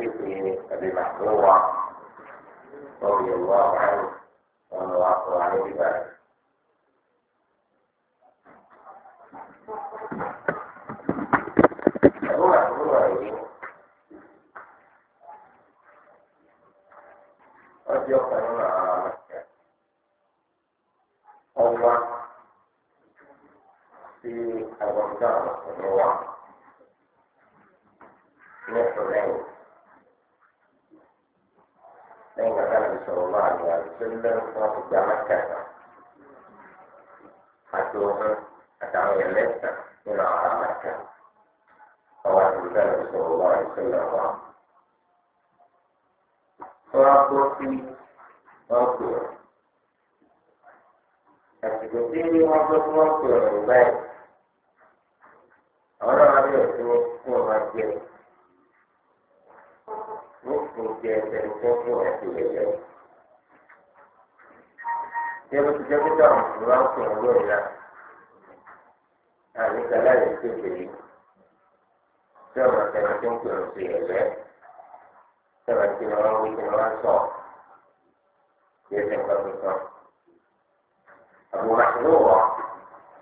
حديث أبي محمود رضي الله عنه وأن الله عليه ذلك أبو محمورة lọ́dọ̀ wọn ti gba mẹ́ta ìgbà àti ohun àtàwọn èèyàn mẹ́ta nínú àwọn ará mẹ́ta ọwọ́ àti ìgbà lọ sọ̀rọ̀ wọn àìsàn náà wà. wọ́n á kó sí wọ́n pè ọ́ àsìkò tí wọ́n gbọ́ tí wọ́n pè ọ́ nígbà yìí àwọn náà wọ́n bẹ̀rẹ̀ sí fún ọmọ jẹ wọ́n fún jẹ ẹ̀sẹ̀ tó fún ẹ̀sìn lẹ́yìn. ṣé bó ti jẹ́ pé táwọn mùsùlùmí máa ń pè wọ́n lórí náà àní kàlá yìí kéde yìí tí ọmọ tẹni tó ń pè wọ́n sí ẹ̀lẹ́ tẹ̀wé tí wọ́n wí kí wọ́n sọ yé ṣe nǹkan tuntun. àbúrò àti lówó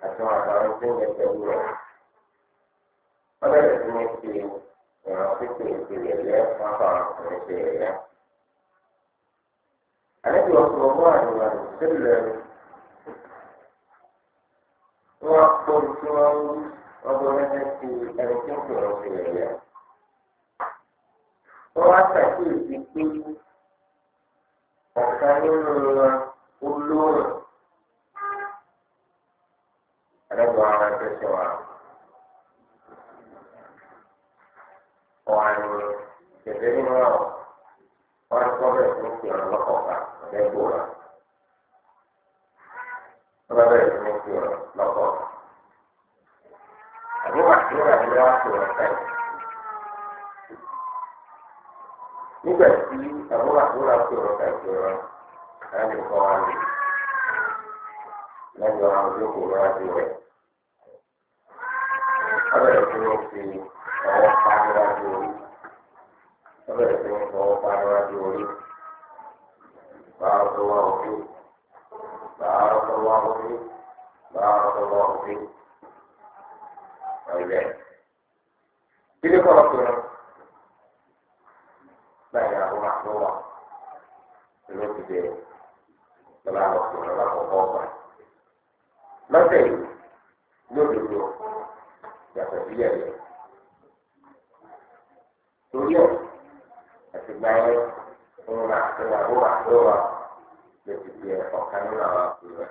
àti wọn àtàwọn tó ń yẹ pẹ̀lú rẹ̀ wọ́n bẹ̀rẹ̀ sí ní fi ìrànlọ́pẹ́ pé ìpìlẹ̀ ẹ̀lẹ́ wọn fà wọn sí ẹ̀lẹ́. àlejò ọ̀sọ̀rọ̀ mọ́ àdúrà rẹ̀ sílẹ̀ rẹ̀ wọ́n kó tí wọ́n wú ọgbọ́n lẹ́sẹ̀ sí ẹni tí ń pèrò sí ẹ̀yà. wọ́n wá ṣàkíyèsí pé ọ̀kan nínú wọn olóòrùn àlejò àwọn ẹgbẹ́ wa. Wọ́n á ní ìṣẹ̀lẹ̀ nínú àwọn wọn kọ́ bẹ̀rẹ̀ fún ìrànlọ́kọ̀ọ́kan lẹ́kọ̀ọ́ rẹ̀ wọ́n bá bẹ̀rẹ̀ sí àbí wà sí ìwà ìlú wa kò rẹ̀ nígbà tí àwọn àbúrò àti ọ̀rọ̀ kàìkì ọ̀rọ̀ láti kọ́ wa lè lẹ́yìn ọ̀rọ̀ àwọn olóko lọ́wọ́ sí rẹ̀. wọ́n bẹ̀rẹ̀ fi ọwọ́ pa níwájú orí wọ́n bẹ̀rẹ̀ sí ní fọwọ́ pa níwájú orí. بارك الله فيك بارك الله فيك بارك الله فيك طيب كيف ربنا لا يا ابو محمود الوقت ده طلع ربنا لا خوفا ما تاني لوجو يا سفيه torí ẹ àti gbà ẹ ńlá ńlá wúwà lówà ló ti di ọ̀kan nínú àwọn àkùrẹ́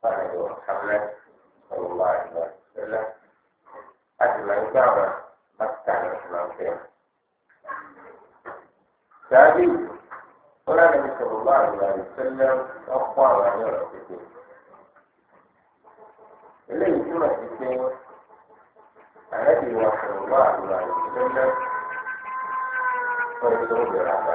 báyìí lọ hamlẹ́ ọ̀rọ̀lá ìgbà tẹ́lẹ̀ àtìmọ̀ nígbà wọn bá ti kà ní ìmọ̀ fẹ́. Sáájú wọn láti fi sọ̀rọ̀ bá àgbà ìtẹ́lẹ̀ ọ̀pọ̀ àwọn àyọ̀ rẹ̀ tètè. Eléyìí túmọ̀ sí pé àyẹ̀dì wọn sọ̀rọ̀ bá àgbà ìtẹ́lẹ̀ ọ̀rọ̀ tó bẹ̀rẹ̀ àgbà.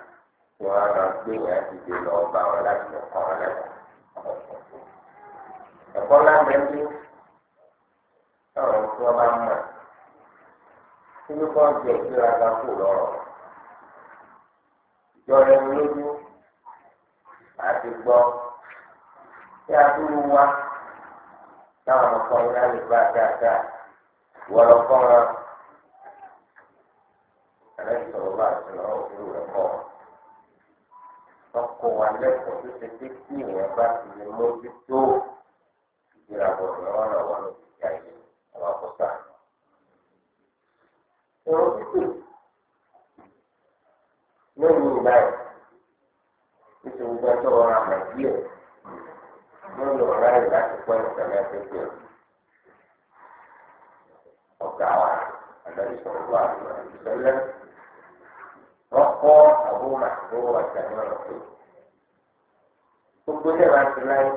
tí wọ́n á lọ gbé yẹn ti dé lọ bá wọn láti lọ kọ́ wọn lẹ́kọ̀ọ́. ẹ̀kọ́ lábẹ́ ń bí ọ̀rọ̀ tí wọ́n bá ń mọ̀ tí ló kọ́ jẹ́ ìgbéraga kù lọ́rọ̀ ìjọra ẹni lójú àti gbọ́ tí a wá táwọn ọkọ̀ ńlá lè bá dáadáa wọ́n lọ wọn. Àlẹ́ ìsọ̀rọ̀ bá àti ìrànlọ́wọ́ òfurufú rẹ̀ ọkọ̀ wa lẹ́kọ̀ọ́ tó ṣe pé kí ìwọ̀n bá ti lè mójútó ìgbéyàwó ìrànwọ́ náà wọ́n lòdì sí ayé àwọn àkọ́sà. Ìrọ̀ títì lórí ìbáyìí títí gbogbo ẹjọ́ ọ̀rọ̀ àmọ̀ díẹ̀ lórí ọ̀rọ̀ ayé láti pọ́ ìṣẹ̀lẹ̀ ẹgbẹ́ ọ̀gá wa àdáyé sọ̀rọ̀ wa àti ìṣẹ̀lẹ̀ wọ́n kọ́ àbúrò àbúrò àtàwọn ọ̀rọ̀ pé gbogbo ilé wa ti láyé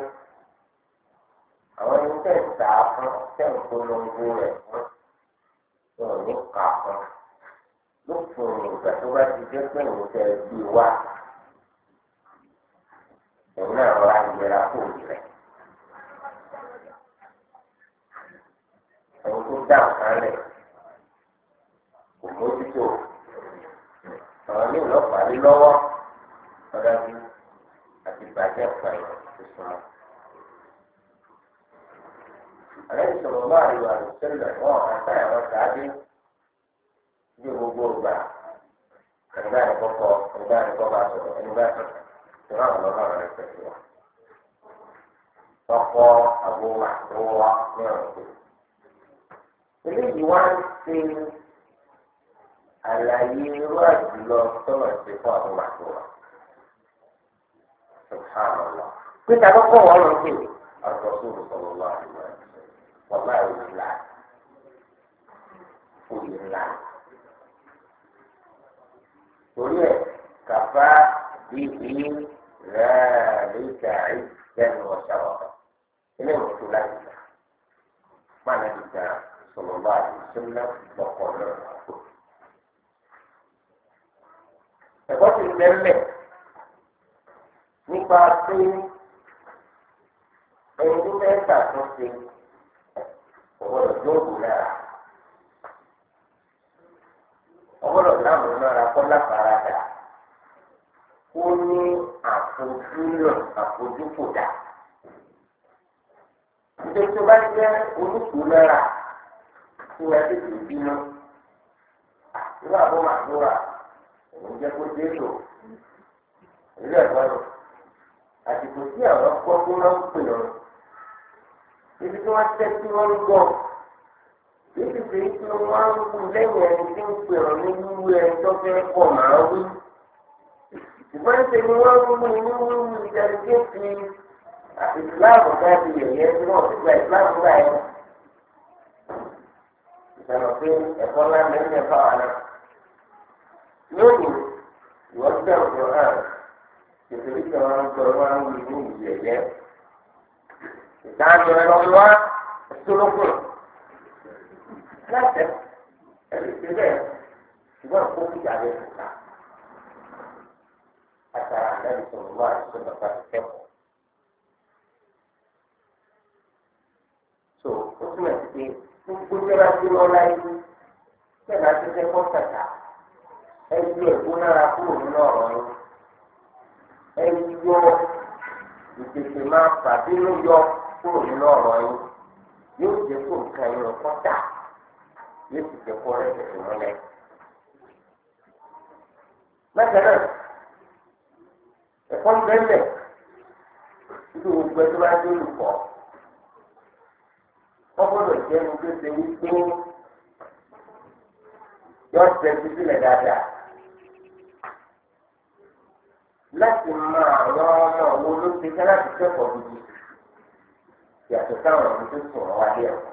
àwọn ẹni tẹ̀ ń tà á fún tẹ̀ ń polongo rẹ̀ fún wọn ò ní kà á fún lópin ìgbà tó bá ti jẹ́ pé òun tẹ̀ gbé wá òun náà rọra yẹra rẹ̀. ẹni tó dá nǹkan rẹ̀ kò mójútó àwọn ilé ìlọ́pàá lé lọ́wọ́ ọ̀dájú àti bàjẹ́ pààyàn tuntun. àlẹ́ ìṣòro máa rí wàlú sẹ́lẹ̀ wọn àtàyà wọn sáájú ní gbogbo ìgbà ẹ̀gbá ìkọ́kọ́ ẹ̀gbá ìkọ́ bá sọ̀rọ̀ ẹni bá sọ̀rọ̀ ìṣòro àwọn ọlọ́run rẹ̀ pẹ̀lú wa. ọkọ̀ àbúrò àtọwọ́ ní ọ̀rọ̀ pé eléyìí wá àlàyé irú àjùlọ tọ́lọ̀ ti fún àwọn màtó wa. Pété àkọ́kọ́ wọn lọ sí mi. Àtọ̀ sóòrò sọ̀rọ̀ lọ àdúrà. Wọ́n máa ń la oyè ńlá. Torí ẹ̀ kàfá bíbí rẹ̀ẹ́dẹ́gbẹ̀ta ìjẹun ọ̀ṣà ọ̀ṣà. Ilé ìwòsàn láti gbà. Máa náà ti sọ̀rọ̀ lọ àdúrà. Sọ́nà lọ́kọ̀ọ́ lọ́wọ́. ẹ̀kọ́ ti bẹ̀rẹ̀ nípa pé ẹni tó fẹ́ ṣàtúnṣe ọ̀gbọ́dọ̀ tó kù lára ọ̀gbọ́dọ̀ láàmú náírà kọ́ láfaradà kó ní àfojúlọ̀ àfojúkòdà nítorí tó bá jẹ́ oníkùú náírà tó yẹ kí kìí bínú ìwà òun jẹ́ kó dé lò ilé ẹ̀kọ́ lò àsìkò tí àwọn tó ń pè ibi tí wọ́n tẹ́ tí wọ́n ń ibi tí tí ń wù lẹ́yìn ẹni tí ń pè ní wíwú pọ̀ máa wí ṣe ni wọ́n ń wù ní wíwú ìdánilẹ́sì ìsìláàmù láti yẹ̀yẹ́ tí wọ́n ti gba ìsìláàmù lónìí ìwọ dá ọ̀dọ̀ hàn ìṣèlú kan wọn ń sọ wọn ń wí ní ìyẹ̀ ìdájọ́ ẹ lọ́wọ́ wá láti ẹ lè bẹ́ẹ̀ ṣùgbọ́n kó kíjà rẹ̀ kò ká. àtàrà àlẹ́ ìṣòro wà ìṣòro bàbá ti kẹ́kọ̀ọ́. tó o túmọ̀ sí pé gbogbo jẹ́ bá ti lọ́ọ́ láyé bẹ́ẹ̀ bá ti fẹ́ kọ́ kàkà ẹ yọ ìgbónára kúrò nínú ọ̀rọ̀ yín ẹ yọ ìpèsè máa fàbínú yọ kúrò nínú ọ̀rọ̀ yín yóò jẹ́ kó nǹkan yín kọ́tà yóò sì jẹ́ kó rẹ̀ tẹ̀sí múlẹ̀. mẹ́tẹ̀ náà ẹ̀kọ́ ń bẹ́ẹ̀ nínú gbogbo ẹ̀ tó bá dé olùkọ́ wọ́n gbọ́dọ̀ ẹni tó ṣe wípé yọ ọ́ tẹ̀sí sílẹ̀ dáadáa. láti mọ àwọn ọmọ owó ló ti fẹ́ láti kẹ́kọ̀ọ́ gidi yàtọ̀ táwọn ọ̀rọ̀ tó sọ̀rọ̀ wá dé ọ̀pọ̀.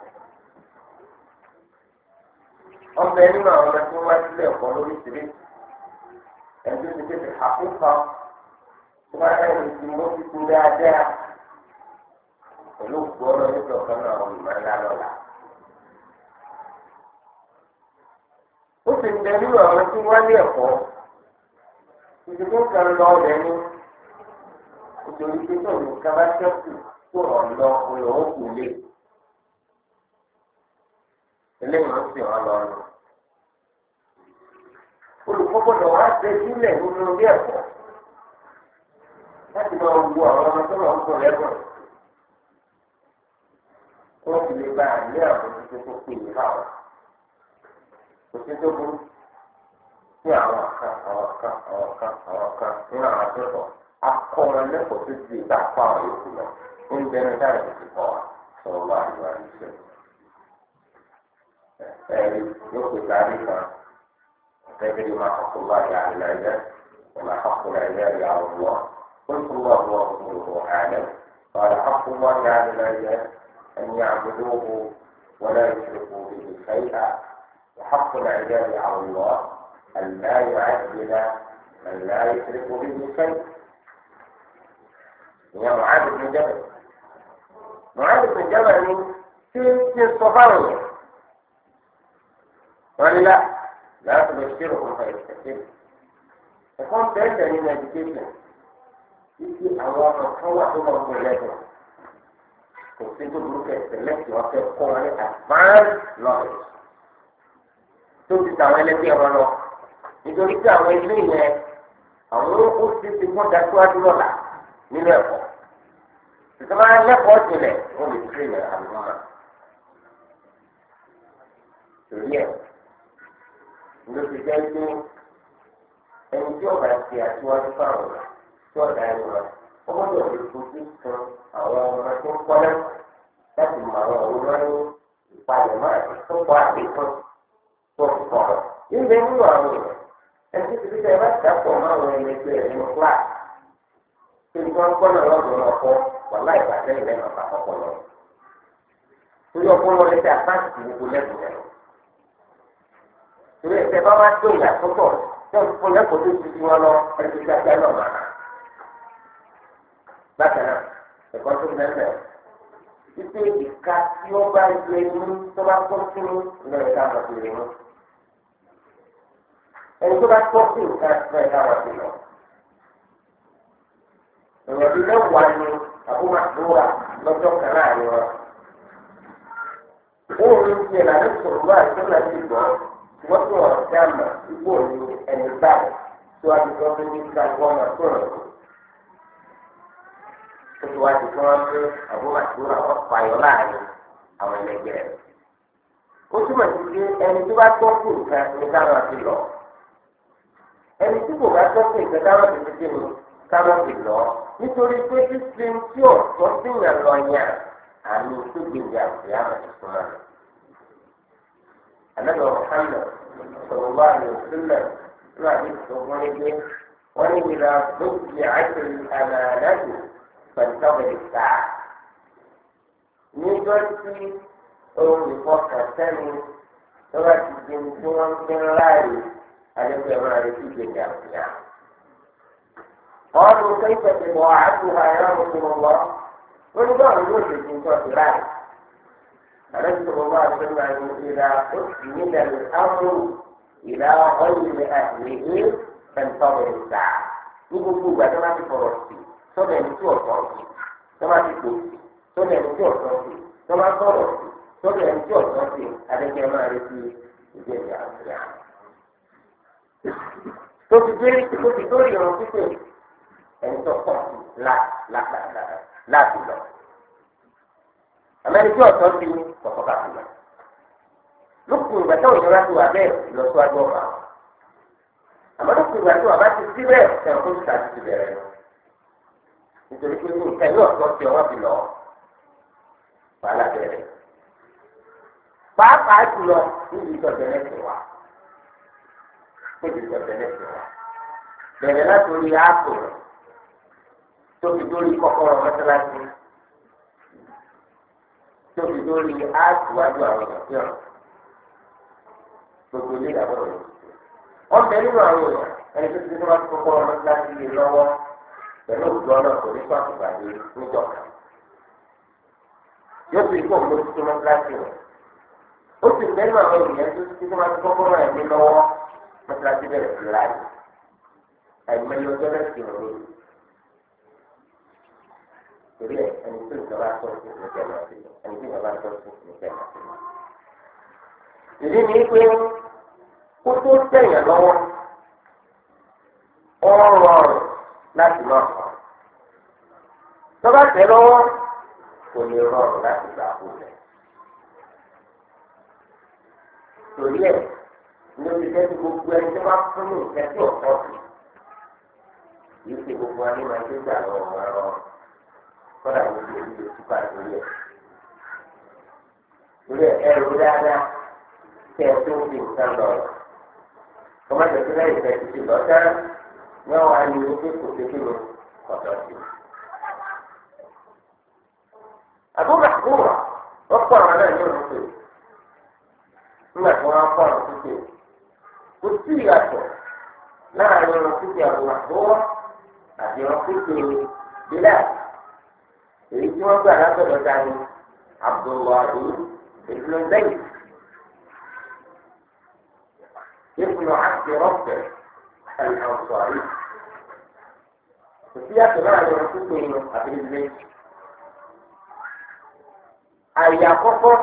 ọbẹ̀ nínú àwọn ọmọ tí wá sílẹ̀ ọ̀pọ̀ lórí ìṣeré ẹ̀jẹ̀ ti tètè àkókò tó bá dá ìwé tí mo pẹ̀lú òkú ọ̀kan náà ìdìbò kan lọ rẹ̀ mú nítorí pé tó ní kábàtẹ́kù tó rọ̀ lọ òyò òkú lé eléyìí ló sì wọn lọ rẹ̀. olùkọ́gbọ́dọ̀ wá ṣe sílẹ̀ nínú ilé ẹ̀kọ́ láti máa wo àwọn ọmọ tó máa ń bọ̀ lẹ́kọ̀ọ́ wọ́n ti lè bá àlẹ́ àwọn tuntun tó pè é fáwọn. òṣèlú tó burú. tí àwọn kan àwọn kan àwọn kan àwọn kan nínú àwọn akẹ́kọ̀ọ́ akọ wọn lẹ́kọ̀ọ́ tó di ìgbà pa àwọn yòókù lọ ń bẹnu dára ètò kọ́ wa sọ̀rọ̀ wá àdúrà ìṣe. ẹ̀rí yóò pè sáré kan تدري ما حق الله على العباد وما حق العباد على الله قلت الله ورسوله أعلم قال حق الله على العباد أن يعبدوه ولا يشركوا به شيئا وحق العباد على الله أن لا يعذب من لا يشرك به شيء هي معاذ بن جبل معاذ بن جبل من في الصفاوية قال لا لا تبشرهم فيستسلم يكون بيتا من الجنة يجي أوامر هو هو مولده كنت بروك استلمت وقت قوة أفعال ناقص تبدأ تعمل في أوامر nítorí pé àwọn ilé yẹn àwọn ó ti ti mọ́ dasíwájú lọ́la nínú ẹ̀kọ́ tuntun lẹ́kọ̀ọ́ jìnlẹ̀ wọ́n lè tún ilẹ̀ àlùmọ́ọ́mà torí ẹ̀ ló ti jẹ́ pé ẹni tí ọba ti àtiwájú fáwọn tí ọ̀dà ẹni wọn ọmọ yóò lè fojú kan àwọn ọmọ tó ń kọ́lẹ́ láti mọ àwọn ọ̀rọ̀ ní ìpalẹ̀mọ́ àti tó kọ́ tó nínú àwọn ẹtí ti fi tẹ bá ti dàpọ̀ mọ́ àwọn ẹlẹgbẹ́ rẹ̀ nínú kíláàsì tí nǹkan kọ́ náà lọ́dún náà kọ́ wà láì bàjẹ́ ìlẹ́ náà bá kọ́kọ́ lọ. torí ọpọlọ rẹ ti àpáǹtì ti gbogbo lẹ́kùn rẹ. torí ẹsẹ̀ bá wá tó ìyàsọ́tọ̀ náà fún lẹ́kọ̀ọ́ tó ti di wọn lọ ẹtí gbàgbé náà mà. bákan náà ẹ̀kọ́ tó mẹ́mẹ́ títí ìka tí ó bá yẹ ní tó bá kọ́ ẹni tó bá tọ́ sí nǹkan ẹ̀ dáwà sí lọ. èèyàn bíi mẹ́wàá ni àbúrò àdúrà lọ́jọ́ kan láàrin wọn. wọ́n ní ti ẹ̀ lànà ìṣòro bá àti ìṣòro àti ìgbọ́ wọ́n tún wọ́n ti àmà ipò ní ẹni báyìí tó a ti sọ pé ní ká wọ́n máa tó rẹ̀ ó ti wá ti fún wọn pé àbúrò àdúrà wọn fàyọ láàrin àwọn ẹlẹgbẹ́ rẹ̀. ó túmọ̀ sí pé ẹni tó bá tọ́ sí nǹkan ní káwọn àti lọ kò bá tọ́ sí ìgbẹ́ kárọ̀tì títí mi kárọ̀tì lọ nítorí pé títí tí ò tọ́ sí yàn lọ yàn àmì tó gbèjì àti àmì tuntun náà. Àlejò Mùhàmmad sọ̀rọ̀ wá ní òṣìlẹ̀ náà ní ìṣòwò wọ́n ní ìlà lóògì àti àmàlẹ́kù pẹ̀lú ọ̀gbìn sáà. Níjọ́ tí olùkọ́ kàn sẹ́ni lọ́wọ́ ti di ohun tí wọ́n ń gbé láàyè. أليس ما يفيد الأغنياء قالوا كيف تضاعفها يا رسول الله ولبعض يوجد من صوت ذلك فنسأل الله جل وعلا إذا أحمل الأمر إلى غير أهله فانتظر الساعة نقول توبة كما في فرنسي sọ́dọ̀ ẹni tí ọ̀sán sí sọ́dọ̀ ẹni tí òsì sọ́dọ̀ ẹni tí ọ̀sán sí sọ́dọ̀ ẹni tí ọ̀sán sí sọ́dọ̀ ẹni tí ọ̀sán sí adẹ́kẹ́ máa retí ìgbésẹ̀ àgbẹ̀yà tó fi dé tó fi dórí ọ̀rọ̀ pípé ẹni tó pọ̀ sí láti lọ. Amẹ́ríkì ọ̀tọ́ ti ní kọ̀kọ́ bá ti lọ. Lókùn ìgbà táwọn ìjọba ti wà bẹ́ẹ̀ ìlọsíwájú ọ̀gá. Àmọ́ lókùn ìgbà tí wà bá ti sí bẹ́ẹ̀ ẹ̀rọ tó ti tàbí ti bẹ̀rẹ̀ lọ. Nítorí pé ní ìka yóò tọ́ sí ọwọ́ fi lọ. Wàhálà bẹ̀rẹ̀. Pàápàá jùlọ níbi ìtọ́jú ẹlẹ́sìn níbi tẹ̀tẹ̀lẹ̀tẹ̀ wa bẹ̀rẹ̀ látòrí áàpù tóbi dórí kọ́kọ́rọ́ mọ́sálásí tóbi dórí áàpù wájú àwọn èèyàn tí ọ̀rọ̀ gbogbo ilé ìdàgbọ́dọ̀ lọ. wọ́n bẹ nínú àwọn èèyàn ẹni tó ti fi wá kọ́kọ́rọ́ mọ́sálásí lé lọ́wọ́ pẹ̀lú òjò náà kò ní pàtó pàdé níjọba. yóò fi kó òun tó mọ́sálásí rẹ̀ ó sì bẹ́ẹ̀ nínú àwọn èèyàn tó ti fi wá kọ́kọ́rọ́ ẹ̀ lé lọ́wọ́ mọ́tíláṣí bẹ̀rẹ̀ sí láàyè àìmọye ọjọ́ bẹ̀rẹ̀ sí ọ̀rọ̀ torí ẹ ẹni tó ìjọba sọ sí ìpínlẹ̀ náà sí ẹni tó ìjọba sọ sí ìpínlẹ̀ náà sí. ìdí ni pé kó tó tẹ̀yàn lọ́wọ́ ó rọrùn láti máa kọ́ tọ́ba tẹ̀ lọ́wọ́ kò ní rọrùn láti gbà kú rẹ̀ torí ẹ̀. lórí tẹ́tí gbogbo ẹni tó bá fún ní nǹkan ọ̀pọ̀ sí. yìí ṣe gbogbo ẹni máa ń gbà lọ ọ̀rọ̀ ọ̀rọ̀ kọ́dà ló ti èyí lóṣù pa lórí ẹ̀. lórí ẹ̀rù dáadáa kẹ́ ẹ tó fi nǹkan lọ kọ́mọ́tò tó lẹ́yìn tẹ́tí ti lọ sára kò kí ọ̀dọ̀ sí. àbúrò àbúrò wọ́n pọ̀ náà ní kò sí ìyàtọ̀ láàrin ọ̀rọ̀ títí àbúrò àbúrò àti ọ̀rọ̀ títí bílà èyí tí wọ́n gbà látọ̀dọ̀ dání Abdullahi ibn Zayd ibn Abdi Rafi al-Ansari kò sí ìyàtọ̀ láàrin ọ̀rọ̀ títí àbí ilé àyè àkọ́kọ́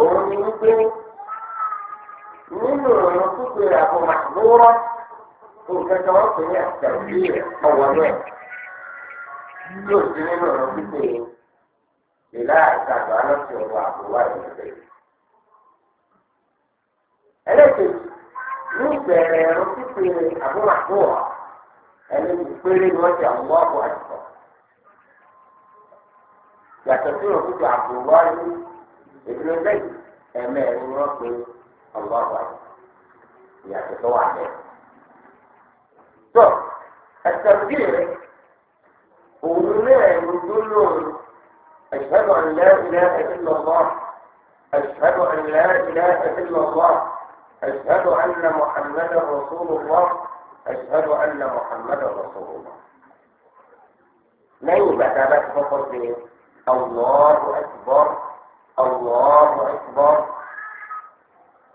òun ni wípé nínú ìròyìn pípé àpò màdúró nǹkan kan wọ́n pè ní àtàlù ọ̀wọ́ náà yóò sí nínú ìròyìn pípé ìlà àtàgbà lọ́sí ọ̀rọ̀ àbúrò àìsíkè. ẹlẹ́kẹ̀ẹ́ ní ìbẹ̀rẹ̀ ìròyìn pípé àpò màdúró ẹni ìpínlẹ̀ ni wọ́n ti àwọn ọ̀pọ̀ àìsàn. yàtọ̀ sí ìròyìn pípé àbúrò àìsíkè ìdílé bẹ́ẹ̀ ẹ̀mẹ́rin ni wọ́n الله أكبر يعني هو عليه طب التقدير قولنا يقولون أشهد أن لا إله إلا الله أشهد أن لا إله إلا الله أشهد أن محمدا رسول الله أشهد أن محمدا رسول الله لن بتابت فقط الله أكبر الله أكبر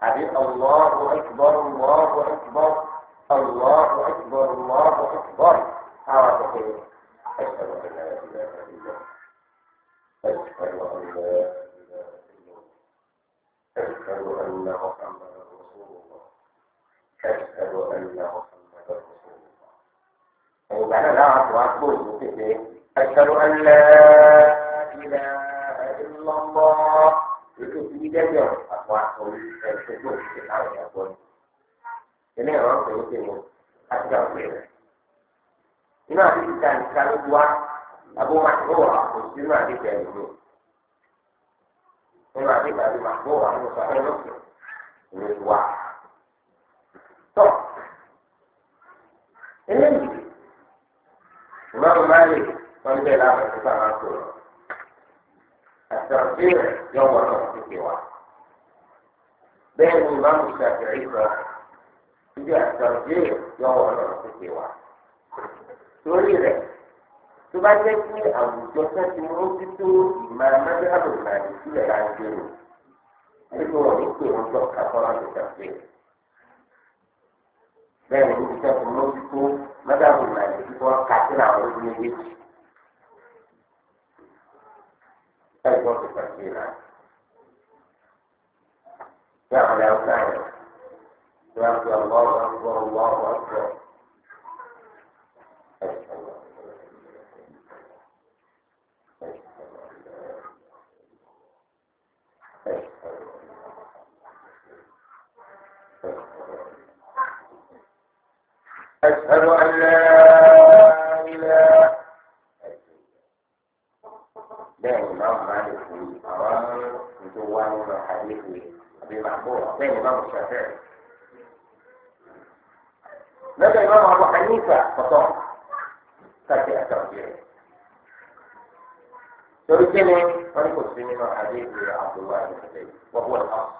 عليه الله أكبر الله أكبر الله أكبر الله أكبر عرفت أشهد أن لا إله إلا الله أشهد أن لا إله إلا الله أشهد أن محمدا رسول الله أشهد أن محمدا رسول الله وبعد لا أعرف أقول أشهد أن لا إله إلا الله ètò ìbí dẹ́jọ́ àpò àpò ẹ̀ṣẹ̀ tó ti ṣe káwọn ìyàgbọ́ ni. ilé ìrọ̀ ń pèlú pèlú láti dá òkè rẹ̀. inú àdéhùn ta nìkan ló wá àbó máa ti bọ̀wọ̀ àpò sínú àdéhùn ẹ̀rọ mi. nínú àdéhùn àti máa bọ̀wọ̀ àwọn ọ̀sán ẹ̀rọ lókè ìwé ti wá. الترفيع يوم الارتفاع بين الإمام الشافعي جاء الترفيع يوم الارتفاع تريد تبادلتني أو جسد مرتبط ما مذهب المالكية عن جنوب ẹgbẹ́ wọn pé wọ́n jọ kakọ́ra ló dàgbé. bẹ́ẹ̀ ni ibi tẹ́ fún lójútó mẹ́tàbù náà ní kíkọ́ kásínà àwọn oníyèjì. कैसों की तस्वीर है क्या हो जाता है क्या अल्लाह अकबर अल्लाह अकबर أشهد أن لا مثل أبي محمود زي الإمام الشافعي ماذا الإمام أبو حنيفة فطار فاكر الترجيع ترجمة ونقص منه الحديث لعبد الله بن حبيب وهو الأصل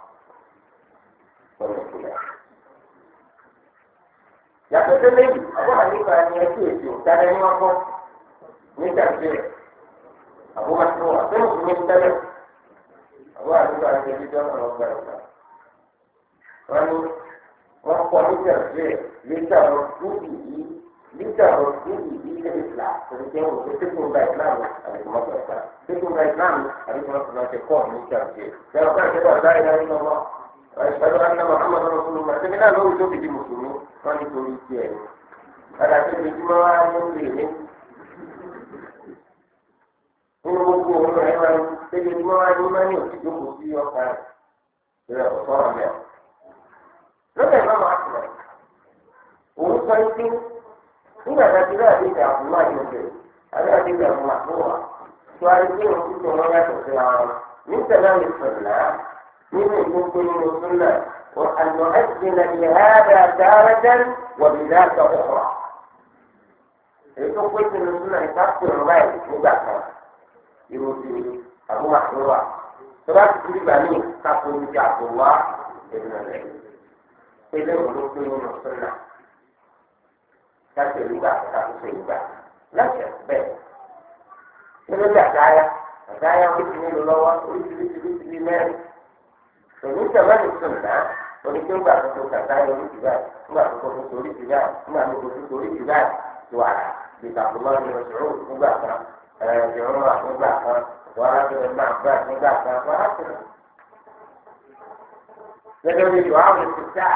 والخلاف yàtọ̀ tó léyìn أبو nípa ẹni ẹtí ètò ìdáná من ọkọ أبو tẹ̀síọ̀ àbúrò tó wà àwọn àdúgbò àti ẹbí tó ń lọ gba ìgbà. wọ́n ní wọ́n kọ́ lítà bẹ́ẹ̀ lítà lọ dúdú yìí lítà lọ dúdú yìí lè là torí pé wọ́n ti tẹ́kùn gba ìsìláàmù àti kò má gba ìsìláàmù tẹ́kùn gba ìsìláàmù àti kò má gba ìsìláàmù lítà bẹ́ẹ̀. ìjọba kan ṣe bá ọ̀dá ìlà nínú ọmọ ìṣàlù àná Muhammad rasulullah ṣẹ́mi náà lórí tó fìdí mùsùlùmí wọ́n ní torí tiẹ̀ ni. padà tẹ́lẹ̀ ní wọ́n á ní mọ́ni tó kù sí ọkà rẹ̀ rẹ̀ ọ̀sọ́rọ̀ mẹ́. lọ́dọ̀ ìmọ̀ máa tẹ̀ òun sọ ike nígbà tá a ti rí àdéhùn àbúrò àyẹ̀wò àbí àdéhùn àbúrò tó wa tó a lè gbé òun tó tòun wọn yàtọ̀ sí ara wọn nígbàdá lè sọ̀lá nínú ìgbókò nínú súnà وأن نؤذن لهذا تارة وبذاك أخرى. إذا قلت إن السنة تقتل الغيب مباشرة. يروي àbú màtúwà tọ́lá ti ti gbà ní kápò ní ti àbúwá ìdùnnàlẹ̀ pẹ̀lú òun tó yín lọ sọ́nà láti ìgbà kàtúnṣe ini, láti ẹ̀fẹ́ nínú ini, dàdáyà ó ini, nílò lọ́wọ́ oríṣiríṣiríṣi mẹ́rin ini, ìjọba ní sọ̀nà ini, tó dàdáyà oríṣiríṣi nígbà ini, tó tó oríṣiríṣi nígbà tó tó tó oríṣiríṣi wà lè bàbá lọ́wọ́ ní oṣù rò nígbà kan ẹ̀ẹ́dẹ̀rún wà nígbà kan wàá tó lè máa gbà nígbà kan wàá tó lè. gẹ́gẹ́ bí ìwà àwọn ètò tá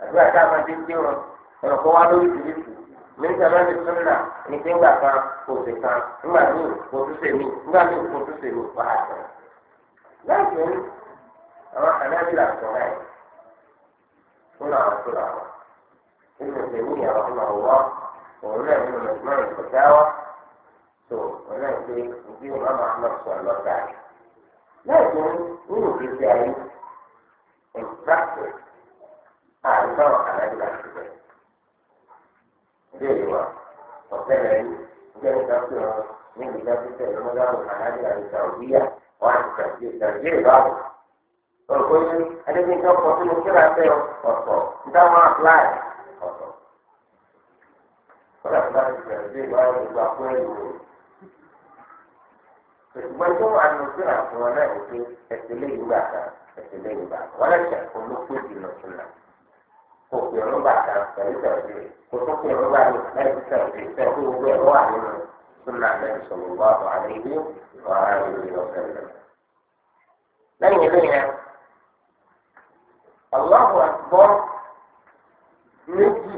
àdúrà tá a máa dé dé wọn ọ̀nà kan wá lórí ìdílé mínísítà máa ń lè tún nà ní pé kan kò sì kan ńgbà míì kò tún sè mí ńgbà míì kò tún sè mí wàá tó. láìpẹ́ àwọn anábìlà sọ láì fún àwọn tó làwọn. ابن تيمية رحمه الله وهنا ابن مجموع الفتاوى so ọ̀nà ìpè ìdí ọmọ ahmed sọ lọ́dà rẹ̀. lẹ́yìn nínú ìgbésí ayé ìgbàgbé àìsàn àlàyé àti ìbéèrè wa ọ̀sẹ̀ rẹ̀ yìí ìjẹ́ nígbà tí wọ́n ní ìgbà tí tẹ̀lé mọ́dáwọ̀ àlàyé àti sàwùyà wọ́n á ti sàbí ìsàbí ìbáwò. olùkọ́ yìí sínú kíra ṣùgbọ́n tó wà nù sí àfihàn náà ò pé ẹ̀sìn lè yí bàtà ẹ̀sìn lè yí bàtà wọ́n lẹ́sẹ̀ olókùn ìdìnnà sílẹ̀ kò pè ọ́nú bàtà pẹ̀lú tẹ̀lé kò tó pè ọ́nú bàtà lẹ́yìn tẹ̀lé tẹ̀lé gbogbo ẹ̀rọ wà nínú súnà lẹ́yìn sọ̀rọ̀ wà wà níbi wà á rí i lọ́sẹ̀lẹ̀. lẹ́yìn ilé yẹn Allahu Akbar méjì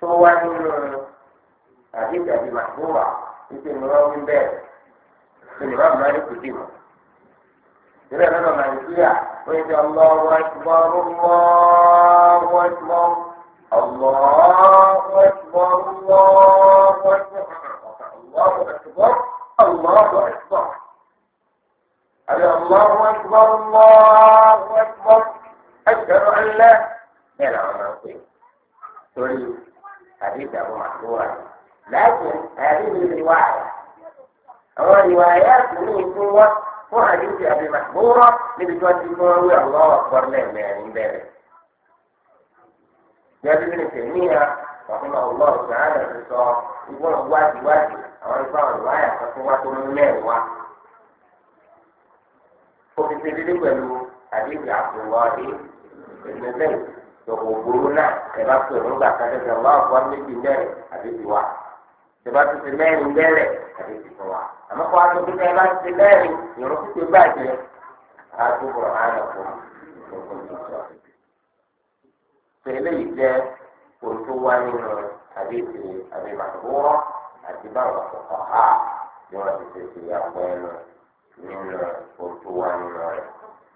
tó wá nínú àdìgbàdì màgbówà wípé ni wọ́n wí bẹ́ẹ̀. الإمام مالك يجيبه إذا أنا مالكية وإذا الله أكبر الله أكبر الله أكبر الله أكبر الله أكبر الله أكبر أبي الله أكبر الله أكبر أشهد أن لا إله إلا الله تريد حديث أبو محمود لكن هذه الرواية àwọn ìwàyà kùnú fún wa fún àdéhùn àbí ti fún wí àwọn ọ̀pọ̀r lẹ́ẹ̀mẹ́rin bẹ̀rẹ̀. Yẹ́bí mi tẹ̀ ní ya ọ̀fun ọ̀gbọ́n ọ̀sán àlẹ́ ti sọ ìgbọ́n wádìí wádìí àwọn ìfọ̀ àwọn ìwàyà kan wa tó mú mẹ́rin wa. tẹ̀bá ti ti mẹ́rin bẹ́rẹ̀ àti ìfọ̀ wa. àmọ́ kó aṣọ tó tẹ̀bá ti ti mẹ́rin ìrún tó ti bàjẹ́ aṣọ bọ̀ ayọ̀ fún ọkọ̀ ìjọ. tẹ̀lé yìí jẹ́ oṣù wa nínú àdéhùn àbímàgbọ́ àti báwọn àkọ́kọ́ ha ni wọ́n ti ṣe ìyá pẹ́ẹ́nu nínú oṣù wa nínú rẹ̀.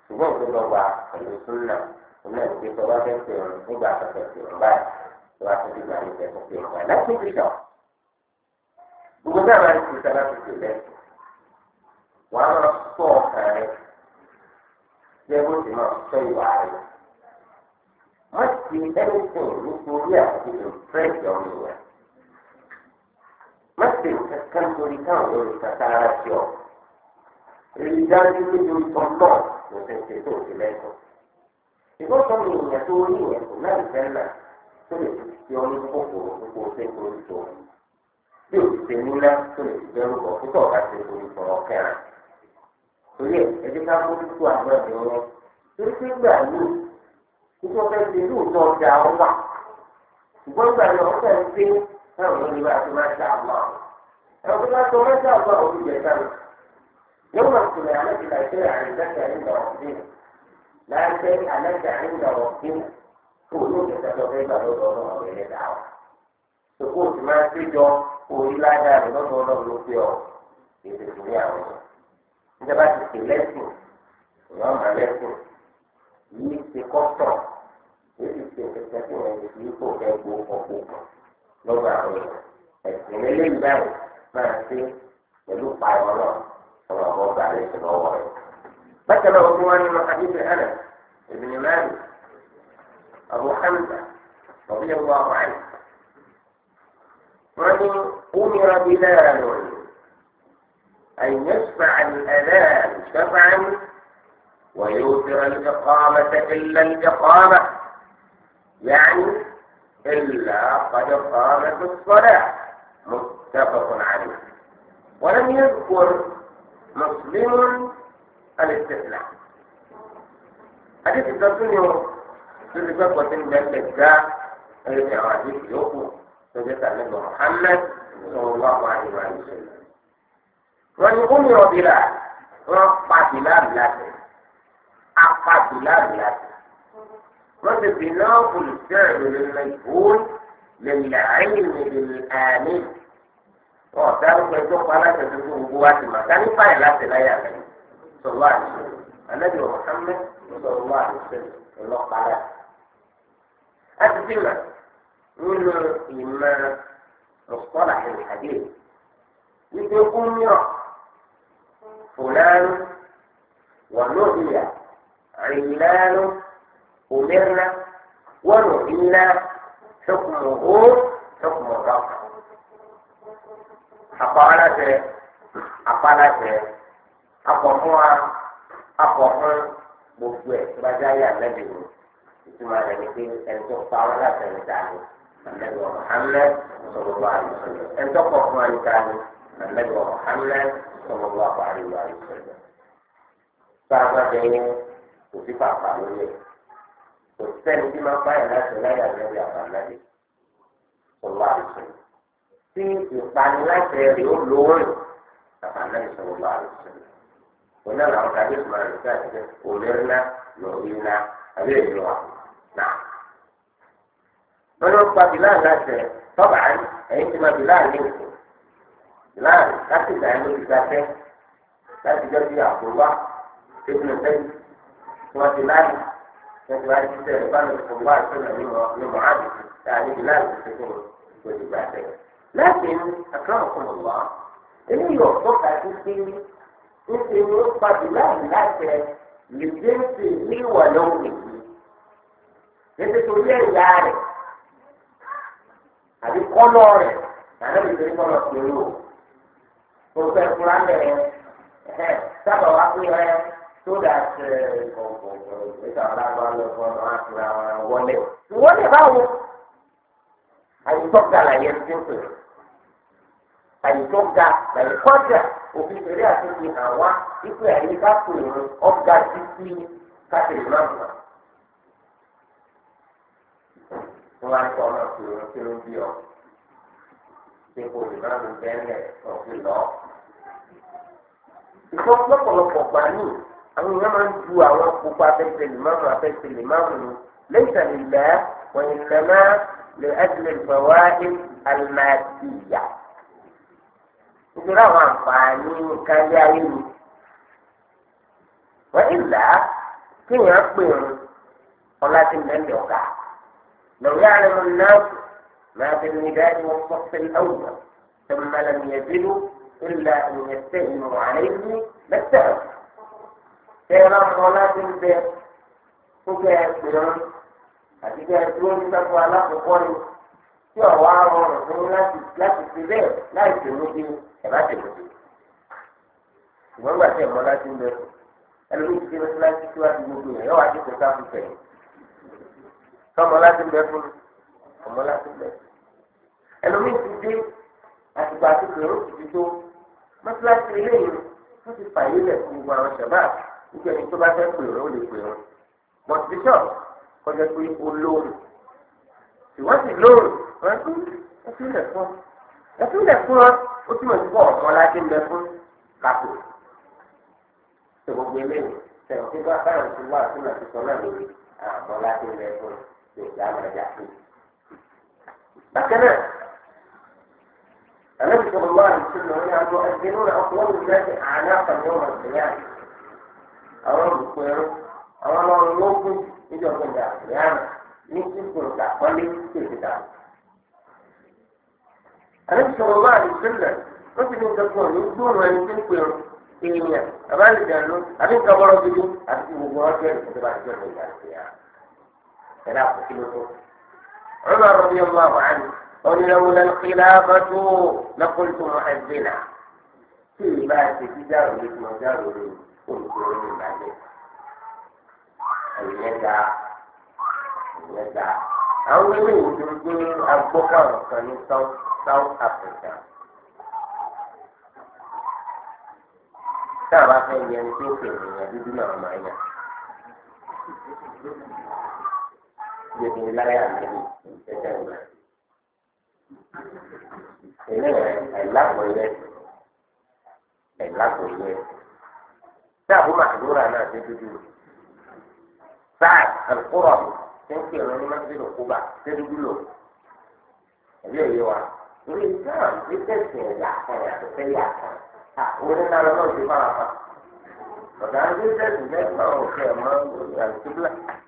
ṣùgbọ́n tó lọ wá pẹ̀lú súnà oní ẹ̀sìn tó bá fẹ́ pè ọ́ nígbà tó fẹ́ pè ọ́ báyìí tó bá fẹ́ pè ọ́ nígbà tó fẹ́ pè ọ́ báyìí gbogbo tí a bá eh. più ṣe Quando la ṣe è wàá máa sọ ọkàn rẹ jẹ́ bó ti máa sọ ìwà un wọ́n ti ẹnìkan nítorí àti ìfẹ́ẹ̀sì ọmọ ìwà má ṣe kankan nítorí káwọn olùkàtà un ṣe ọ èyí dájú nínú ọgbọ́n ló ti ń ṣe tó ti lẹ́sìn ìgbọ́n sọ mi ìyẹn tó rí ìyẹn kò náà ìfẹ́ náà tó lè fi ṣe ọ ní kókòrò gbogbo ṣe tó ń sọ ọ́. bí o ti ṣe níná tó lè ti bẹ́rù bọ̀ fún tọ́ka ṣe orí fún ọ kẹrin. torí ẹ ẹdí ká mójú tó àwọn ẹ̀mí wọn torí pé gbà yìí kíkọ́ fẹ́ ṣe lóòótọ́ ọjà ọwà ṣùgbọ́n gbà yìí ọ̀fẹ́ ń pé táwọn ọmọ ìwà àti máa ṣá àwọn àwọn ẹ̀rọ tó bá tó máa ṣá àwọn àwọn olùjẹ sáré yóò máa sọ̀rọ̀ àlejò àti àrìndájà nígbà ọ̀gbìn láńpẹ́ àlejò àrìndà ọ̀gbìn fún orí ládàá rẹ ọlọ́run ló fi ọ̀ èdè tó ní àwọn yẹn. ti pè lẹ́sìn ìyá ọ̀mà lẹ́sìn yìí ti kọ́tọ̀ èyí ti kẹ̀kẹ́ tí wọ́n ti fi kó ẹ̀ gbó ọ̀pọ̀ kan lọ́dọ̀ àwọn yẹn. ẹ̀sìn eléyìí báyìí máa ṣe pẹ̀lú ọ̀rọ̀ ọ̀gbọ́n lè ṣe lọ́wọ́ rẹ̀. رجل أمر بلال أن يشفع الأذان شفعا ويوتر الإقامة إلا الإقامة يعني إلا قد قامت الصلاة متفق عليه ولم يذكر مسلم الاستثناء حديث الدرسون في الرجاء وتنجل الجاء الإعادة يقول فجاءت النبي محمد صلى الله عليه وسلم وأن أمر بلال وأقطع بلال لكن أقطع بلال لكن وبخلاف الفعل للمجهول للعلم للآمن وأعتبر كيف قال تدخل نبوات ما كان يفعل لا تلايا صلى الله عليه وسلم النبي محمد صلى الله عليه وسلم الله تعالى أتسمع nínú ìmọ̀ ọ̀pọ̀lá ìhàdé wípé kúnyọ̀ fúlánù wọ̀nùbíyà rìlánù òmìnira wọ̀nùbíyà ṣọkùnmọ̀hó ṣọkùnmọ̀hó. Àpárátẹ àpárátẹ akọ̀fún wa akọ̀fún gbogbo ẹ̀ tó bá dá yà lẹ́bi wò ìtumọ̀ rẹ̀ ni pé ẹni tó pa ọ́ látẹ̀lẹ́ta ni. النبي محمد صلى الله عليه وسلم أن تقف ما كان النبي محمد صلى الله عليه وسلم فهذا جاي وفي فاقا مني والثاني فيما قال لا تلاقي النبي على صلى الله عليه وسلم في يقال لا يقول لون النبي صلى الله عليه وسلم ونرى حديث ما نساته أمرنا نهينا أبيه نعم lọ́dọ̀ pa bíláà láṣẹ tọ́ba ẹ̀yìn ti ma bíláà ní ìsìn bíláà láti ìgbà yẹn ló ti gbafẹ́ láti jọ́ bí àkóbá tẹ́gbìn sẹ́yìn tí wọ́n ti láàyè wọ́n ti láàyè títẹ̀ rẹ̀ báyìí kò wá àtúnà ní mọ̀ ní mọ̀ áàbì tá a ní bíláà ló ti fún kò ti gbafẹ́. láti inú àkàrà fún mi wá èmi yóò tọ́ka sí pé níṣẹ́ ni ó pa bíláà láṣẹ lè dé sí níwà lọ́wọ́ nìyí. àbí kọ́lọ̀ rẹ̀ nàlẹ́ ìgbẹ́ kọ́lọ̀ pẹ̀lú o fẹ́ fúra bẹ̀rẹ̀ ẹ̀ sábà wá pé ẹ tó dà ṣe ìgbésà alágbára ọ̀nà àtúrà wọlé. wọlé báwo àyùtọ́ ga làyẹ ti ń pè àyùtọ́ ga làyẹ kọjá òfin ìrírí àti ìhàn wá ipò àyíká pè ní ọ̀gá títí káṣí ìmáàmù náà. tó wá kọ́ ọmọ kìlọ̀ kìlọ̀ bí ọ ṣe kò lè má lò bẹ́ẹ̀lẹ̀ ọ̀gbìn lọ. ìfọ́ lọ́pọ̀lọpọ̀ gbà ní àwọn èèyàn máa ń ju àwọn gbogbo abẹ́sẹ̀ lè má mú abẹ́sẹ̀ lè má mú lẹ́sẹ̀ lè lẹ́ wọ́n yìí má lè ẹ́dínlẹ̀ gbọ̀wá ní àlùmáàtìyà. nítorí àwọn àǹfààní nǹkan ayé mi. wọ́n yìí là kéèyàn pè ń ọlá ti mẹ́lẹ̀ ọ̀gá. لو يعلم الناس ما في النداء والصف الأول ثم لم يزلوا إلا أن يستهنوا عليه لاستهنوا كان الصلاة البيت فكاسرون هذه كاسرون تقوى لا تقوم في أوار ورسول لا تسلاك في البيت لا يتنوكي كما تنوكي وما كان صلاة البيت المسلمين في سلاك في سلاك المسلمين يوعد في فيه. sọmọ láti bẹ fún mi ọmọ láti bẹ ẹlòmíì ti dé àtìgbà àti kèrò ti di tó mọ́tíláṣí eléyìí wọ́n ti fàyè lẹ̀ fún gbogbo àwọn ṣẹ̀bá nígbà ẹni tó bá fẹ́ pè wọ́n ó lè pè wọ́n mọ̀tíbíṣọ̀ kọjá pé ó lóòrùn ìwọ́n sì lóòrùn wọ́n tún ẹ tún lẹ̀ fún ẹ tún lẹ̀ fún ọ ó túmọ̀ sí pọ̀ ọ̀kan láti ń bẹ fún kàkó ṣe gbogbo eléyìí ṣe òkè bá báyọ̀ sí wà sínú àtìsọ náà lórí àmọ́ láti bẹ fún ọ. استهزاء النبي صلى الله عليه وسلم يؤذنون اقوام الناس اعناقا يوم القيامه àwọn olùkọ́yọ́ àwọn ọlọ́run ló kún níjọ́ gbọ́dọ̀ àkùnyàmù ní kíkùrù kàkọ́lé kéèkéta. àlejò wa àdìsílẹ̀ ó ti ní kankan ní gbóòrò ẹni tí ń pè ẹ̀rọ àkókò ló tó. Umar radiyallahu anhu onílẹ̀wọlẹ̀ khilafatu laqultu mu'adhdhina tí ìbá ṣe jíjà òye tí wọ́n já òye olùkóró ní ìbàjẹ́. Ẹ̀yẹ́ ga ẹ̀yẹ́ ga àwọn eléyìí tó gbé agbókàwọn kan ní South South Africa. Táwọn afẹ́ yẹn tó fèrè yẹn dúdú náà máa yàn níbi láyà níbi ìjẹjẹ ìgbà. Ilé rẹ̀ ẹ̀lápọ̀lẹ́ ẹ̀lápọ̀lẹ́. Ṣé àbúrò àdúrà náà ṣe dúdú? Sáà ẹ̀kúrọ̀ ṣé ń pè wọ́n ní Mọ́sílò Kúbà ṣé dúdú lò? Ẹ̀bí òye wa. Ilé Islam ní tẹ̀sí ẹ̀yà kan yàtọ̀ fẹ́ yà kan. Àwọn oníná lọ́wọ́ ti fara pa. Ọ̀gá ń gbé tẹ̀sí mẹ́ta ọ̀kẹ́ ọ̀mọ́ àti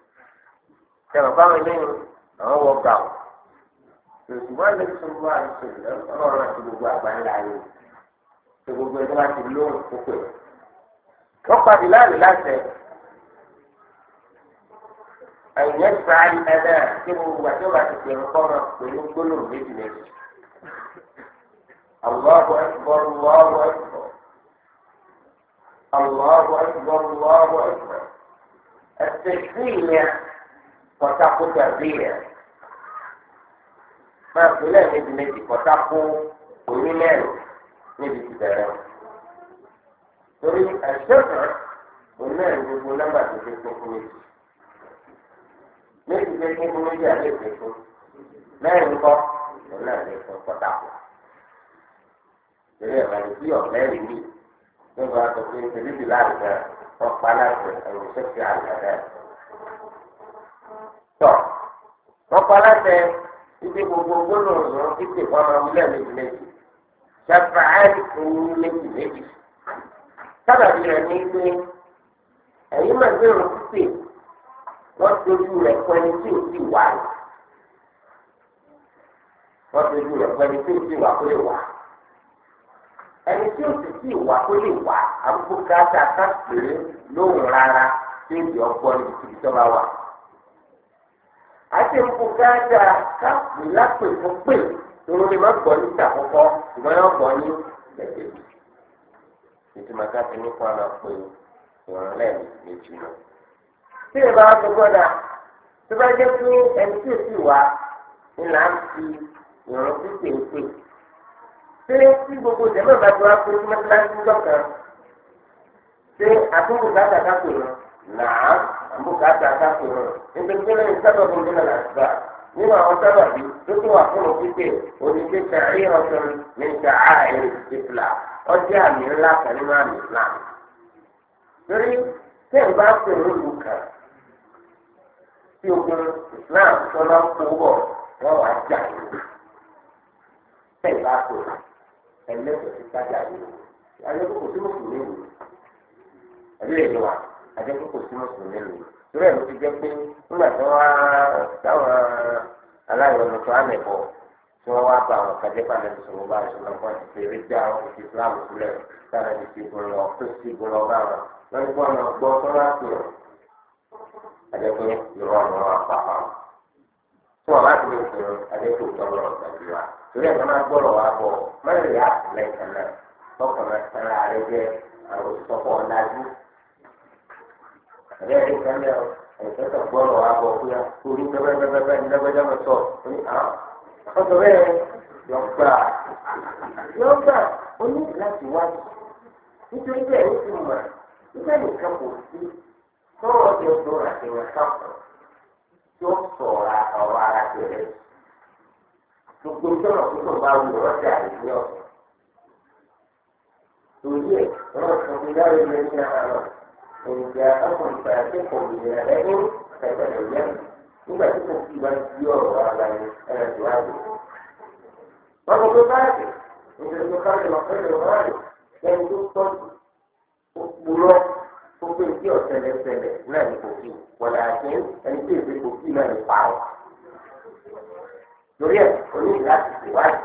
sẹ̀rọ̀ báwọn eléyìí àwọn wọ gà ó ṣùgbọ́n ilé tó wà lóṣèlú ọlọ́run àti gbogbo àgbáńlá yìí ṣe gbogbo ẹgbẹ́ láti lóhùn púpọ̀ wọ́n padì láàyè láṣẹ ẹ̀yẹ sáré ẹ̀dá kí gbogbo àti ọba ti pè ń kọ́ mọ́ gbólóhùn méjì méjì. Allahu akbar Allahu akbar Allahu akbar Allahu akbar التكبير kọta kó tẹ̀síyà máa fi lẹ́ẹ̀mejì méjì kọta kó òní mẹ́rin níbi ti bẹ̀rẹ̀ torí ẹ̀ṣẹ̀fẹ̀ òní mẹ́rin gbogbo nọ́mbà tó fi kún fún méjì méjì tó kún fún méjì àlẹ́ ìfẹ́ fún mẹ́rin kọ́ òní náà lè fún kọta kó torí ẹ̀ máa ti ọ̀mẹ́rin mi nígbà tó fi ń tẹ̀lé ìdílé àgbà ọ̀pá láti ẹ̀rù sẹ́kì àgbà náà. tọ̀ wọ́n pa ibi gbogbo ogologo títí ọmọ wílẹ̀ méjì méjì ṣàfà ẹ̀yìn méjì méjì sábàbí rẹ̀ ní pé ẹ̀yìn máa gbé òun títì wọ́n dojú rẹ̀ pẹ́ni tí ò sì wà ní wọ́n dojú rẹ̀ pẹ́ni tí ò kó lè ẹni tí ò sì sí kó lè àti nkùgáàjà káàpù lápè fún pè lórí ni má gbọ́ níta àkọ́kọ́ ṣùgbọ́n yóò gbọ́ ní ẹ̀jẹ̀ ìtumọ̀ káàpù nípa ọ̀nà pé ìwọ̀n lẹ́ẹ̀mí méjì náà. tí ìbá tó bá jẹ́ pé ẹni tí èsì wá ni là ń fi pípé pè. ṣé tí gbogbo bá ti wá pé lọ́kàn ṣé àtúntò àbúkátà káfíńrọ̀ nítorí pé lẹ́yìn sábà fún mi náà àgbà nínú àwọn sábà bí tó tún wà fún òkúté oníṣẹ́ kàrí ọ̀sán ní sàá ẹ̀rì ìfìlà ọjọ́ àmì ńlá kan nínú àmì Islam. torí tẹ́ ẹ̀ bá pè ní ìlú kan tí ogun Islam tó máa kó bọ̀ wọ́n wá jà yìí. tẹ́ ẹ̀ bá pè ẹ̀lẹ́sọ̀ ti sájà yìí. ayé kò tó kò tó lè wò. ẹ̀lẹ́yìn àjẹkù kò sí mùsùlùmí lò torí ẹ̀ ló fi jẹ́ pé nígbà tí wọ́n táwọn aláìwọ̀nù tó àmì bọ̀ tí wọ́n wá bá àwọn kájẹ́pà lẹ́nu sọ̀rọ̀ bá àṣọ náà wọ́n ti fi eré já wọn fi Islam sílẹ̀ sára ti fi gùn lọ tó ti gùn lọ bá wọn wọ́n ní bọ́ọ̀nù gbọ́ tó wá sí wọn àjẹkù ìrọ̀ ni wọ́n pa pa wọn tí wọ́n bá ti lè fún àjẹkù ìtọ́lọ́ tàbí wa torí ẹ̀ máa gbọ́rọ̀ wá bọ̀ mọ́rin yà á sì lẹ́yìn kan náà àbí kan lẹ ọ ẹ̀sẹ̀ kan gbọ́rọ̀ wá fún yà orí pẹ́pẹ́pẹ́pẹ́ ní lọ́gbẹ́jà mọ̀ sọ ó ní àwọn ah, ọ̀sọ̀ bẹ́ẹ̀ yọ gbà yọ gbà ó ní láti wájú nítorí bẹ́ẹ̀ ó ti mọ̀ nígbà nìkan kò sí tọ́wọ́ ti ọdún àtẹ̀wẹ̀ sáfù tí ó sọ̀rọ̀ ọ̀rọ̀ ara tẹ̀lé gbogbo sọ̀rọ̀ púpọ̀ bá wù ọ̀rọ̀ àìsí ọ̀ torí ẹ̀ ọ̀rọ̀ sọ̀rọ̀ ìdáwọ̀ ilẹ̀ ní ara rẹ̀. إن جاءكم فاسق بنبأ فتبينوا nígbà tí kò kí wá di ọ̀rọ̀ ara yẹn ẹ̀rọ ìwádìí. wọ́n mú pé báyìí nítorí pé káyọ̀ lọ fẹ́rẹ̀ wáyé lẹ́nu tó tọ́jú ó purọ́ ó pé kí ọ̀sẹ̀lẹ̀sẹ̀lẹ̀ náà ní kò kí wọ̀lá àti ẹni tí èsì kò kí náà ní pààrọ̀. lórí ẹ̀ o ní láti ṣèwádìí.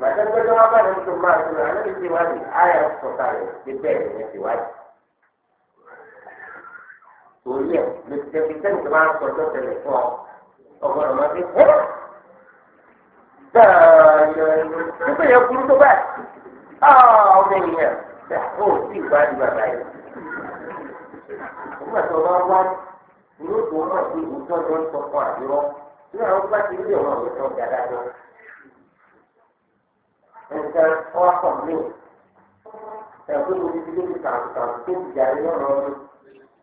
màtẹ́gbẹ́jọ́ wá bá lẹ́nu tó máa tó lọ àná ti ṣèwádìí àyà sọ̀tà rẹ̀ ti bẹ́ẹ̀ ní ṣèwádìí torí ẹ̀ lẹ́sẹ̀kí sẹ́ni tó bá ń sọ̀tọ̀ tẹ̀lé fún ọ ọgbọ́n ọmọ fi hẹ́ bẹ́ẹ̀ pé yẹn burú tó báyìí ọmọ ènìyàn ó sì gbá ju bàbá yìí nígbà tó bá wá ní ó tó mọ̀ sí ìwúntọ́ tó ń sọ fún àdúrà ní àwọn bá ti rí ọmọ mi tó ń dáadáa lọ nǹkan ọkọ̀ ẹ̀kọ́ mi ti dé ní kàǹkàn tó ti jà ní ọ̀rọ̀ mi.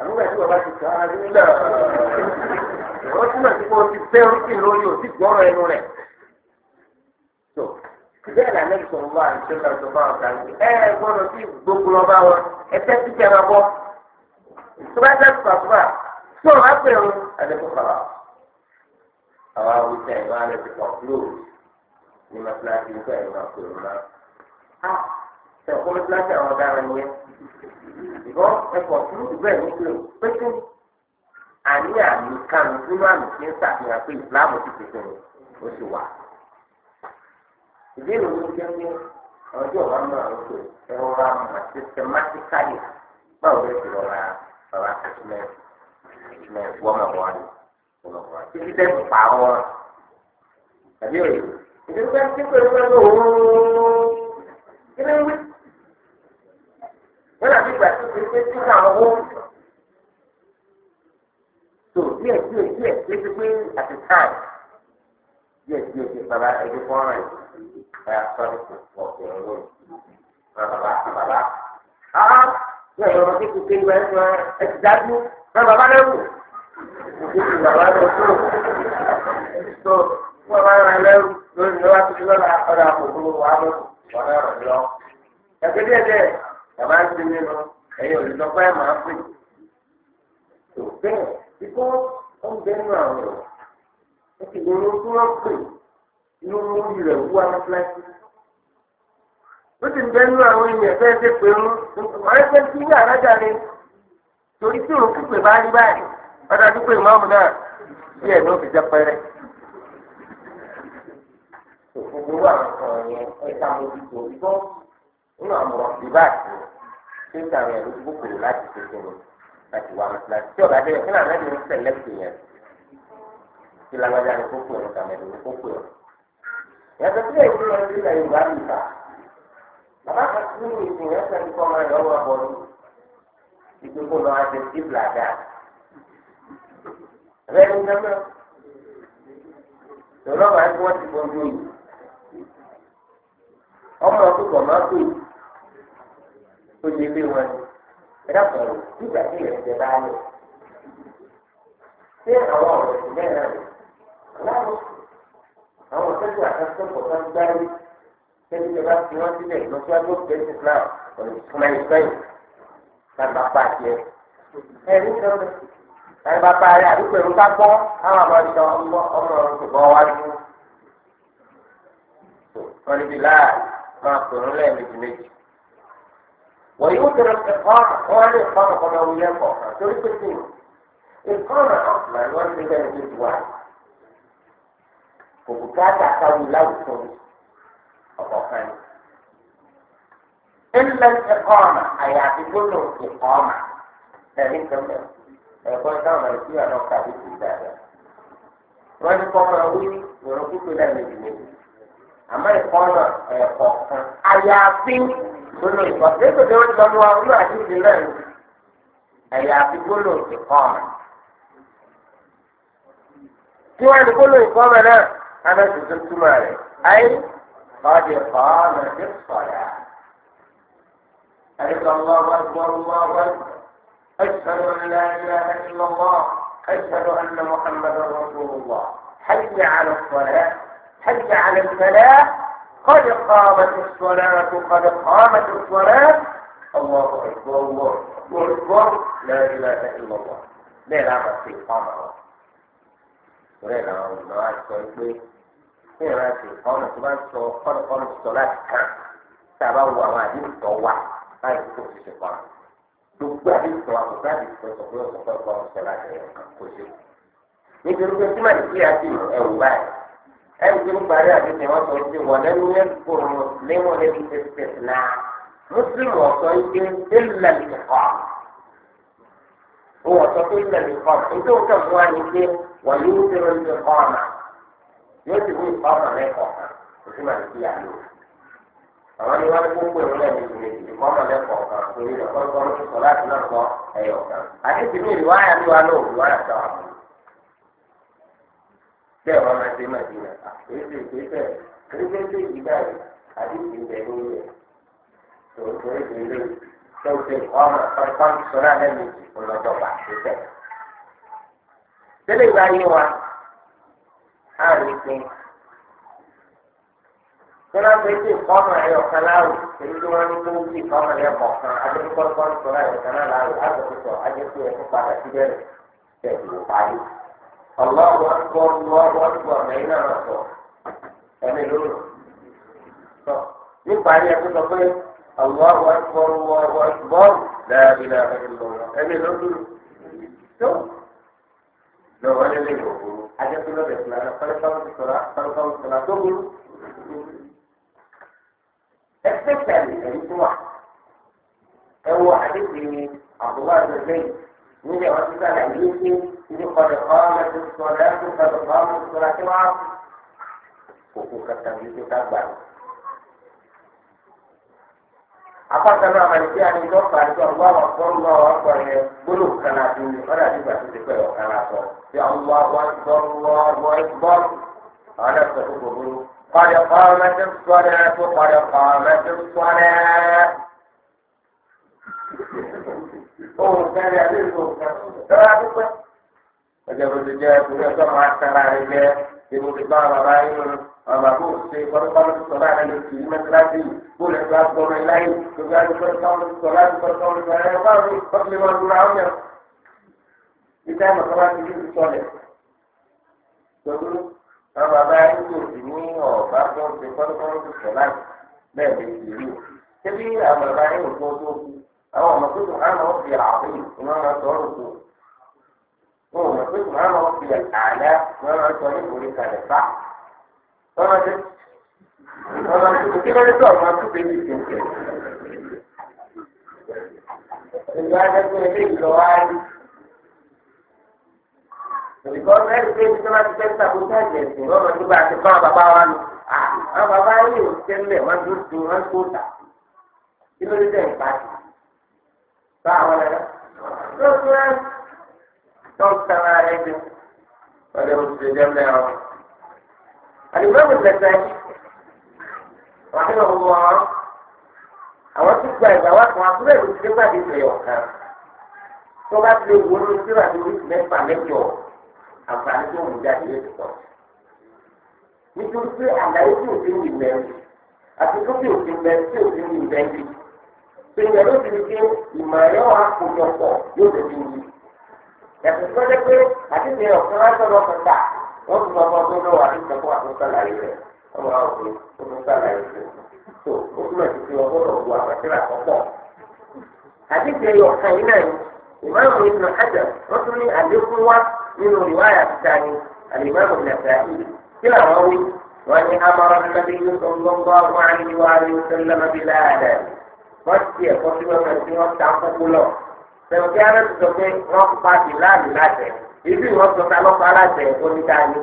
àbúgbà tí bàbá ti sọ ara rí nílẹ̀ wọ́n túmọ̀ sí pé o ti fẹ́ oríkì lórí o ti gbọ́rọ̀ ẹnu rẹ̀. tó bẹ́ẹ̀ là ní sọ̀rọ̀ bá àìsàn náà sọ bá ọ̀tá yìí ẹ ẹ gbọ́dọ̀ sí gbogbo ọba wọn ẹ fẹ́ sí kẹ́ máa bọ́. tó bá dá pàpà sọ̀rọ̀ á pè ń àdẹ́kùn kọ̀ọ̀rọ̀. àwa wí sẹ́ ẹ̀ máa rẹ̀ ti pọ̀ lóòrù ní mọ́tíláṣí nípa ẹ̀ máa pè ń máa. ṣe ọ̀pọ̀ mọ́tíláṣí àwọn ọ̀daràn yẹn ìbọn ẹ̀fọ́ fún ìbẹ́ ní pé pété àní àmì kanu nínú àmì tí ń ṣàfihàn pé ìsìláàmù ti pèsè ní o sì wà. ìbéèrè wo jẹ́ pé ọjọ́ ọ̀la mú àwọn oṣù ẹ̀rọ ra mà systematically báwo lè ti rọra rọra kẹsìmẹ́ kẹsìmẹ́ wọ́mọ̀wọ́ ni wọ́mọ̀wọ́ ni títí tẹ́ ti pa wọn. àbí òye ìdílé pé kí pé wọ́n lọ kí ló ń wí wọ́n àti ìgbà tó ti pé tí àwọn owó tó díẹ̀ díẹ̀ díẹ̀ díẹ̀ ti pé àti táì díẹ̀ díẹ̀ díẹ̀ bàbá ẹni fọ́nrán yìí bàbá sọ́ọ́dún tó pọ̀ sí ọ̀rọ̀ yìí bàbá bàbá áá bí ẹ̀rọ ọmọ kékeré ìgbà ẹ̀ fún ẹ ti dájú bàbá bàbá lẹ́wù òkèèrè bàbá lọ tó tó wọ́n bá rán lẹ́wù lórí lọ́wọ́ àti lọ́la ọ̀dà àpò gbogbo wàá mọ̀ wọ́n rán lọ. ẹ̀gbẹ́ díẹ̀ díẹ̀ bàbá ń sinmi lọ ẹ̀yin olùdókòwò ẹ̀ máa pè tó bẹ́ẹ̀ kíkọ́ ó ń bẹ́ẹ̀ nù àwọn ọ̀rọ̀ ó ti gbọ́ lóko wọ́n pè inú orí rẹ̀ wú amúfúláṣí ó sì ń bẹ́ẹ̀ nù àwọn èèyàn fẹ́ẹ́ ṣe pé ń ọ̀rẹ́ kí ní àrájà rẹ̀ torí tí òun kúpè bá rí báyìí ọ̀dà tó pè náà bí ẹ̀ ló fi jẹ́ pẹ́rẹ́ òfin gbogbo àwọn ọ̀rọ̀ yẹn ẹ̀ka mo ti nínú àmọ̀ràn ìbáàtì ṣé ń tàwọn ẹ̀rú gbókòrò láti ṣe kí ni láti wà láti tí ọ̀gá dé kí náà lẹ́nu ń sẹ̀lẹ́kì yẹn kí lágbájá ni kókó yẹn kàmẹ́lì ni kókó yẹn. yàtọ̀ sí èyí ló ń rí ilẹ̀ yorùbá mi fà bàbá kan sí ní ìsìn yẹn sẹ́ni kọ́ máa yọ ọwọ́ bọ́ọ̀lù ìgbéko lọ àti ìbìlà dáa rẹ ní gbẹ́mẹ́ tòlọ́wọ́ àti wọ́n ti bọ́ ọmọ ọdún kọ̀ máa tó yìí tó lé lé wọn ẹ̀dá kan rò nígbà tí ìrẹsì bá lẹ̀ ṣé àwọn ọ̀rọ̀ ìṣẹ̀lẹ̀ náà rò láàrú àwọn òṣèlú àtàkùnkọ̀ kan gbáyé tẹ́lẹ̀ tí a bá fi wọ́n sílẹ̀ lọ́síwájú bẹ́ẹ̀sì náà ọ̀nà ìtumọ̀ ìgbẹ́yìn bàbá pàṣẹ ẹ̀rí sọ̀rọ̀ ẹ̀rí bàbá rẹ̀ àdúgbò ẹ̀rú bá gbọ́ àwọn àmọ́ ìṣọ ọmọ ọmọ ìbọn wá dúró wọn níbi láàyè máa pè ń lẹ́ẹ̀mejì ويؤجر الإقامة هو عليه إقامة قضاوية أخرى تريد الاثنين الإقامة أصلا واللي كان يجيب واحد وبكاتا قوي لو سوري أبوكان إلا الإقامة أي يعتبر إقامة فاهم كم يقول كما يصير أنا أقتدي في ذلك wọ́n kọ́ ọmọ wí ìrọ̀kùtù náà lè dìbò àmọ́ ìkọ́ gbólóhùn ìkọ́ dépò tí wọ́n ti lọ́mú wa olú àdúgbò náà ni ẹ̀yà àti gbólóhùn ìkọ́ ọ̀rọ̀. tí wọ́n ti gbólóhùn ìkọ́ ọ̀rọ̀ náà abẹ́ tuntun túmọ̀ rẹ̀ ayé ọ̀dẹ̀ kọ́ ọ̀nà ti sọ̀rọ̀ àdìgbò ọmọ wa gbọ́ ọmọ wa أشهد أن لا إله إلا الله أشهد أن محمدا رسول الله حي على الصلاة حي على الفلاح قد قامت الصلاة قد قامت الصلاة الله أكبر الله أكبر لا إله إلا الله لا نعم في قامة ولا نعم ما أشتري ní ìran ti ọ̀nà tó bá ń sọ ọ̀nà sọ láti kàn tá a bá wo àwọn àdéhùn tó wà láì tó ti ṣe pamọ́. gbogbo àdéhùn tó wà kò sáàdì tó sọ pé ọ̀sán fẹ́ kọ́ ọ̀sán láti ẹ̀yọ̀ kan kó ṣe. nítorí pé tí màá ní kí á sì mú ẹ̀wù báyìí ẹ̀sìn parí àdéhùn wọn sọ pé wọn lẹ́nu yẹn kò mùsùlùmí wọn lẹ́nu tẹ̀sítẹ̀ náà mùsùlùmí ọ̀sọ́ ike ńlẹ̀ nìkọ́ òun ọ̀sọ́ pé ńlẹ̀ nìkọ́ nítorí òun kàn wá ní pé wọ́n yóò ṣe wọn ní ọ̀nà yóò sì wí ọ̀nà lẹ́kọ̀ọ́ kan òsì máa ń fi àlò àwọn ni wọn kó pé òun lẹ́nu ìwé ìdìbò ọ̀nà kan torí ọ̀pọ̀lọpọ̀ ló ti láti náà sọ ẹ̀yọ̀ kan àti tìmí ìwáyà ni wà lóòrùn bẹ́ẹ̀ wọ́n máa ṣe máa dínà yìí tó tó tó ọmọ sọ̀rọ̀ alẹ́ mi tẹ́lẹ̀ ìgbà yìí wa á rí pé pé ìkọ́mọ̀ ẹ̀ ọ̀kan láàrú èyí tí wọ́n ní ìkọ́mọ̀ ẹ̀ Allahu akbar Allahu akbar lẹ́yìn náà lọ sọ ẹni lórí sọ nípa ayé ẹ̀kọ́ sọ pé Allahu akbar Allahu akbar lẹ́yìn náà lọ ẹni lórí tó lọ́wọ́ ní lè wọ̀ fún ajẹ́pẹ́ lọ́dẹ̀ fún ara pẹ́lẹ́pẹ́lẹ́ ti sọ̀rọ̀ pẹ́lẹ́pẹ́lẹ́ ti sọ̀rọ̀ tó burú ẹgbẹ́ tẹ̀lé ẹ̀yí tó wà ẹ̀wọ̀ àdéhùn àbúrò àgbẹ̀gbẹ̀ yìí nílẹ̀ ọtí sálà yìí ń إذ قد قامت الصلاة قد قامت الصلاة العصر كوكو كتابي كتابان apákan náà máa ń gbé àníjọ́ pàdé ọ̀gbọ́n àwọn ọ̀gbọ́n náà wà pọ̀ yẹn gbólóhùn kan náà ti ní ọ̀dà nígbà tó ti pẹ́ ọ̀kan náà sọ bí ọ̀gbọ́n àwọn ọ̀gbọ́n àwọn ọ̀gbọ́n àwọn náà sọ fún gbogbo. padà pààrọ̀ mẹ́tẹ́ sọ́dẹ̀ tó padà pààrọ̀ mẹ́tẹ́ sọ́dẹ̀. ohun kẹrin àbí ìlú òkè tọ́lá tó pẹ́. pejabat kerja punya sama cara kerja ibu kita lain mabuk si pertama sekolah dan dikirim lagi boleh kelas boleh lain juga pertama sekolah pertama saya baru perlima tahunnya kita masalah ini soleh jadi sama baik itu ini oh baru si pertama sekolah dan dikirim jadi amal baik untuk itu awak maksud amal في العظيم إنما صورته wọn ò mọ̀ pé kùmà máa fi àlá wọn máa sọ ní ìwòrí kalẹ̀ bá wọn máa ṣe wọn máa ṣe kí lóde tó ọmọ tó bẹ́ẹ̀ ní ìdíje. ìlú adájọ́ ilé ìlọ wa rí olùkọ́ mẹ́rin pé kí wọ́n ti tẹ́tà kó sáàjì ẹ̀sìn wọn máa dúpọ̀ àti fún bàbá wa nù àwọn bàbá yìí ò tẹ́lẹ̀ wọ́n tó tó wọ́n tó tà kí lóde tẹ̀ ń pa bá àwọn ẹ̀rọ tó sara rẹ̀ jù lọ́dọ̀ oṣù jẹ́mẹ́ ọ. àlùbọ́ọ̀mù tẹ̀sẹ̀ wàhálà owó ọ àwọn tó gba ìgbà wà fún akúrẹ́ ìlú tí wọ́n ti lè ọ̀kan tó bá ti lè wo ló ti rà lórí mẹ́fà mẹ́jọ àǹfààní tó wù jáde lè pọ̀ nítorí pé àlàyé tí òfin yìí mẹ́rin àti tó bí òfin mẹ́rin tí òfin yìí mẹ́rin pé ìyẹn ló ti di pé ìmọ̀ ẹ̀rọ àkójọpọ̀ yóò lè fi yìí yàtọ̀ sọ́jọ́ pé àtìsí ọ̀kan lásọ̀rọ̀ ọ̀kan tà wọ́n ti sọ fún ọdún lọ́wọ́ àtìsí ọ̀kan àtúntò sàlàyé rẹ̀ ọmọ àwọn ọ̀kan sàlàyé rẹ̀ tó o túmọ̀ sí pé ọgbọ́n náà wọ àbàtìrà àkọ́kọ́. àtìsí ọ̀kan yìí náà ni ìmáàmù ibùdó hajar wọ́n tún ní àlékún wá nínú ìwáyà àtìsá ni àlìmáàmù nàfẹ́ kí làwọn wí wọ́n ní amara tẹ̀wọ̀n kí ara ti sọ pé wọ́n pa ìlànà láṣẹ ibi wọn sọ ta lọ́kọ̀ aláṣẹ oníkàáyé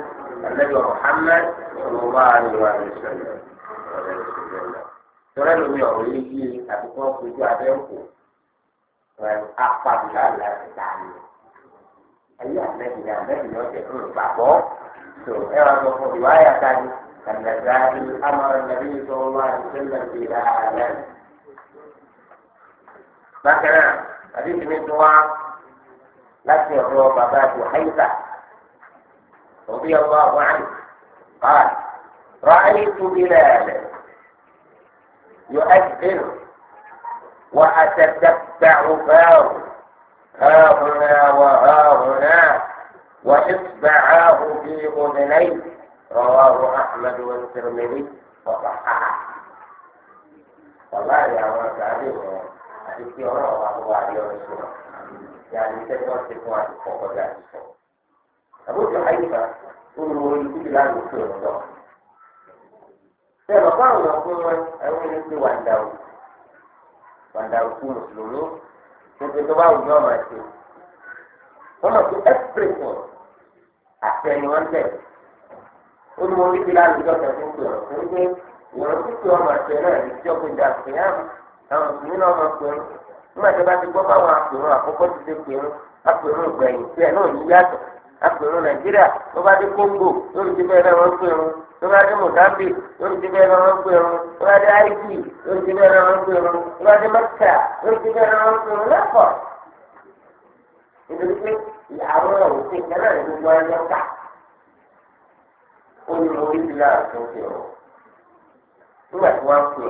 ẹ̀lẹ́dì Muhammad ọlọ́wà àríwá rẹ̀ sọ̀rọ̀ tọ́lá lómi ọ̀rọ̀ yìí yé àbíkọ́ fojú abẹ́ ń kò apá ìlànà láṣẹ tààyè ayé àmẹ́bí ni àmẹ́bí ni ọ̀sẹ̀ fún ìgbàgbọ́ tó ẹ wá sọ fún ìwà ayà tani kàndàdà amọ̀ nàbí sọ̀rọ̀ àti sẹ́lẹ̀ ti rà àlẹ́ bákan náà. حديث من دعاء لكن هو بابات حيثة رضي الله عنه قال رأيت بلالا يؤذن وأتتبع فاه ها هنا وها هنا وإصبعاه في أذنيه رواه أحمد والترمذي وصححه والله يا رب àti pé ọlọ́run wa kó wá yọ ọ́ sí wọn ìyá ni iṣẹ́ tí wọ́n ti fún wa ti pọ̀ kọjá ti sọ. àbójú àyíká ó lu orí títí láàrú sí òun lọ. ṣé bàbá àwọn ọ̀gbọ́n wọn ẹ̀wọ́n ní pé wàndàwù wàndàwù kú mùsùlùmí tuntun tó bá wù ní ọ̀mà ṣe. wọ́n mọ̀ sí ẹ́sìpírẹ̀tìn àṣẹ ni wọ́n tẹ̀. ó lu orí títí láàrú sí ọ̀sẹ̀ àwọn mùsùlùmí náà ọmọ pé nígbà tí a bá ti gbọ́ báwọn àpèrò àkọ́kọ́ ti ṣe ìgbẹ̀yìn tí ẹ̀ náà yàtọ̀ nàìjíríà tó bá dé kóńgò ti bẹ́ẹ̀ náà wọ́n tó bá dé ti bẹ́ẹ̀ náà wọ́n tó bá dé ti bẹ́ẹ̀ náà wọ́n tó bá dé mẹ́kà ti bẹ́ẹ̀ náà wọ́n lẹ́kọ̀ọ́ pé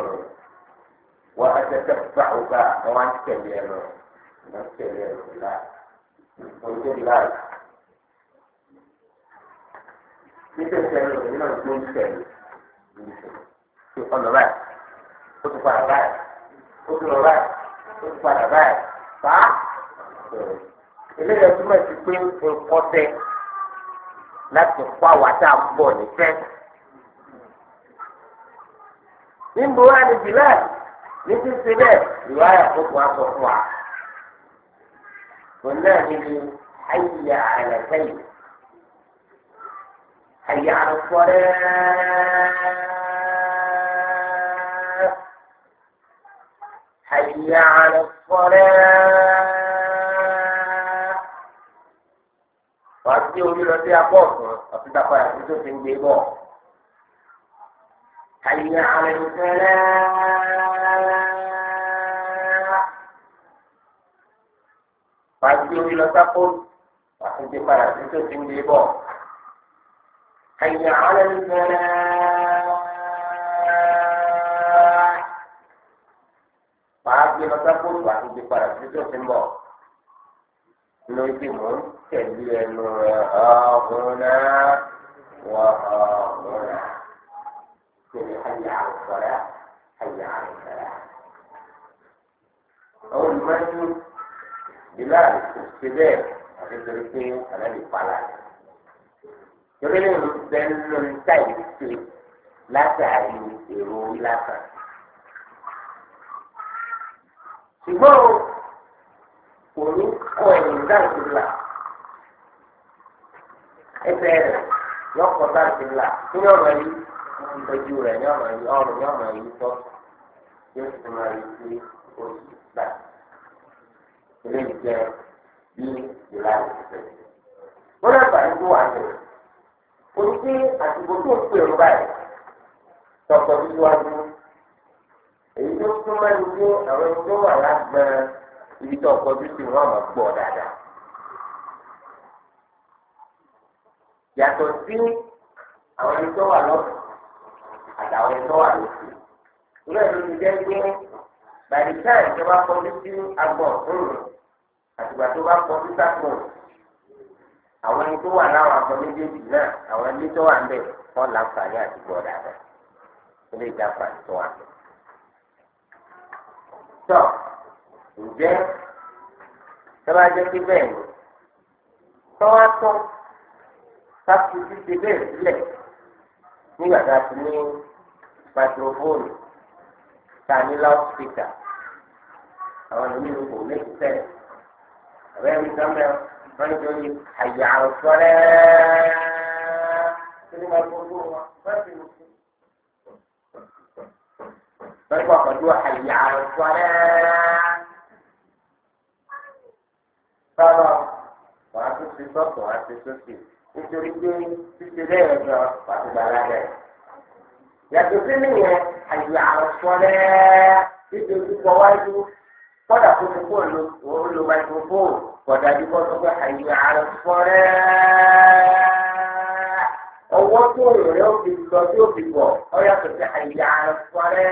وأتتبع بعد وأنت كبير وأنت كبير لا وأنت لا nítorí sẹ́yìn òní náà ló ń sẹ́yìn ṣe ọ̀nà báyìí ó ti padà báyìí ó ti lọ báyìí ó ti padà báyìí bá eléyìí túmọ̀ sí pé nǹkan tẹ láti kó àwàtà pọ̀ nífẹ̀ẹ́. níbo wá ní bíláàdì. ní sísè bẹ́ẹ̀ ìwà àyàfó kan sọ fún wa kò náà níbi ayé àyàfẹ́yìn ayé àrùkọ́rẹ́ ayé àrùkọ́rẹ́ wàá sí orí lọ sí apọ̀ ọ̀sán ọ̀sán dàpọ̀ tó ti ń gbé حي على الفلاح فاجئوا إلى تقول وحيد فرس تسم لبو حي على الفلاح فاجئوا إلى تقول وحيد فرس تسم لبو نجم تبين هاهنا وهاهنا كلمة حي على الصلاة حي على الفلاح أول ما بلال الشباب أخذ الاثنين أنا بالصلاة يقولون بأنهم تايسين لا تعلم يروي لا تعلم ṣùgbọ́n o kò ní kọ ẹ̀yìn dáàbò la ẹsẹ̀ rẹ̀ yọ kọ dáàbò la nínú ọ̀rọ̀ yìí. ojú rẹ̀ ní ọ̀nà yìí ọ̀rùn ní ọ̀nà yìí tọ́ yóò sì máa rí sí oṣù gbà. ilé ìjẹ bí ìlà ìṣẹ̀. wọ́n lè gbà nígbó wà ní orí pé àsìkò tó ń pè ń báyìí tọkọ síwájú èyí tó súnmọ́ ní pé àwọn ẹni tó wà lágbọ́n ibi tó ọkọ̀ títì wọn mọ̀ pọ̀ dáadáa. yàtọ̀ sí àwọn ẹni tó wà lọ́sùn àtàwọn ẹ̀tọ́ wà lóṣù ìwé ìlú ti jẹ́ pé bàdìkà ìjọba kọjú sí agbọ̀n òòrùn àtìgbà tó bá kọjú sápò àwọn ẹni tó wà láwọn agbọ̀n méjèèjì náà àwọn ẹni tó wà ń bẹ̀ wọ́n láǹfààní àti gbọ̀dà rẹ̀ ilé ìjàpá tó wà bẹ̀. tọ́ ǹjẹ́ sábà jẹ́ pé bẹ́ẹ̀ ni tọ́wá tán sáfù ti ṣe bẹ́ẹ̀ sílẹ̀ nígbà tá a ti ní microphone tani loudspeaker àwọn èmi ò kò méjì sẹ́yìn àbẹ́ mi sọ́mọ́ wọ́n jọ ní àyà àwòsọ́rẹ́ sínú microphone wọn wọ́n ti mú sí. wọ́n gbọ́ pẹ̀lú àyà àwòsọ́rẹ́ sọ́dọ̀ wọ́n á tún ti sọ́tọ̀ wọ́n á ti sọ́tì nítorí pé títí lẹ́yìn ọjọ́ wàá ti gbà ládẹ́. yàtọ̀ sí nìyẹn àyè àròsọlẹ títí ojúkọ wájú kódà kó tó kó lo microphone kódà bí kó tó kó àyè àròsọlẹ ọwọ́ tó rẹ̀ ó fi lọ tí ó bọ̀ ọ yàtọ̀ sí àyè àròsọlẹ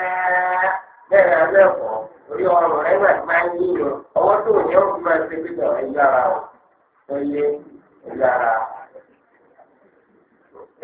bẹ́ẹ̀ náà bẹ́ẹ̀ kọ́ orí ọrùn rẹ̀ wà máa ń yíyan ọwọ́ tó rẹ̀ ó fi máa ṣe pé ẹ̀yà ara ọ̀ ẹ̀yẹ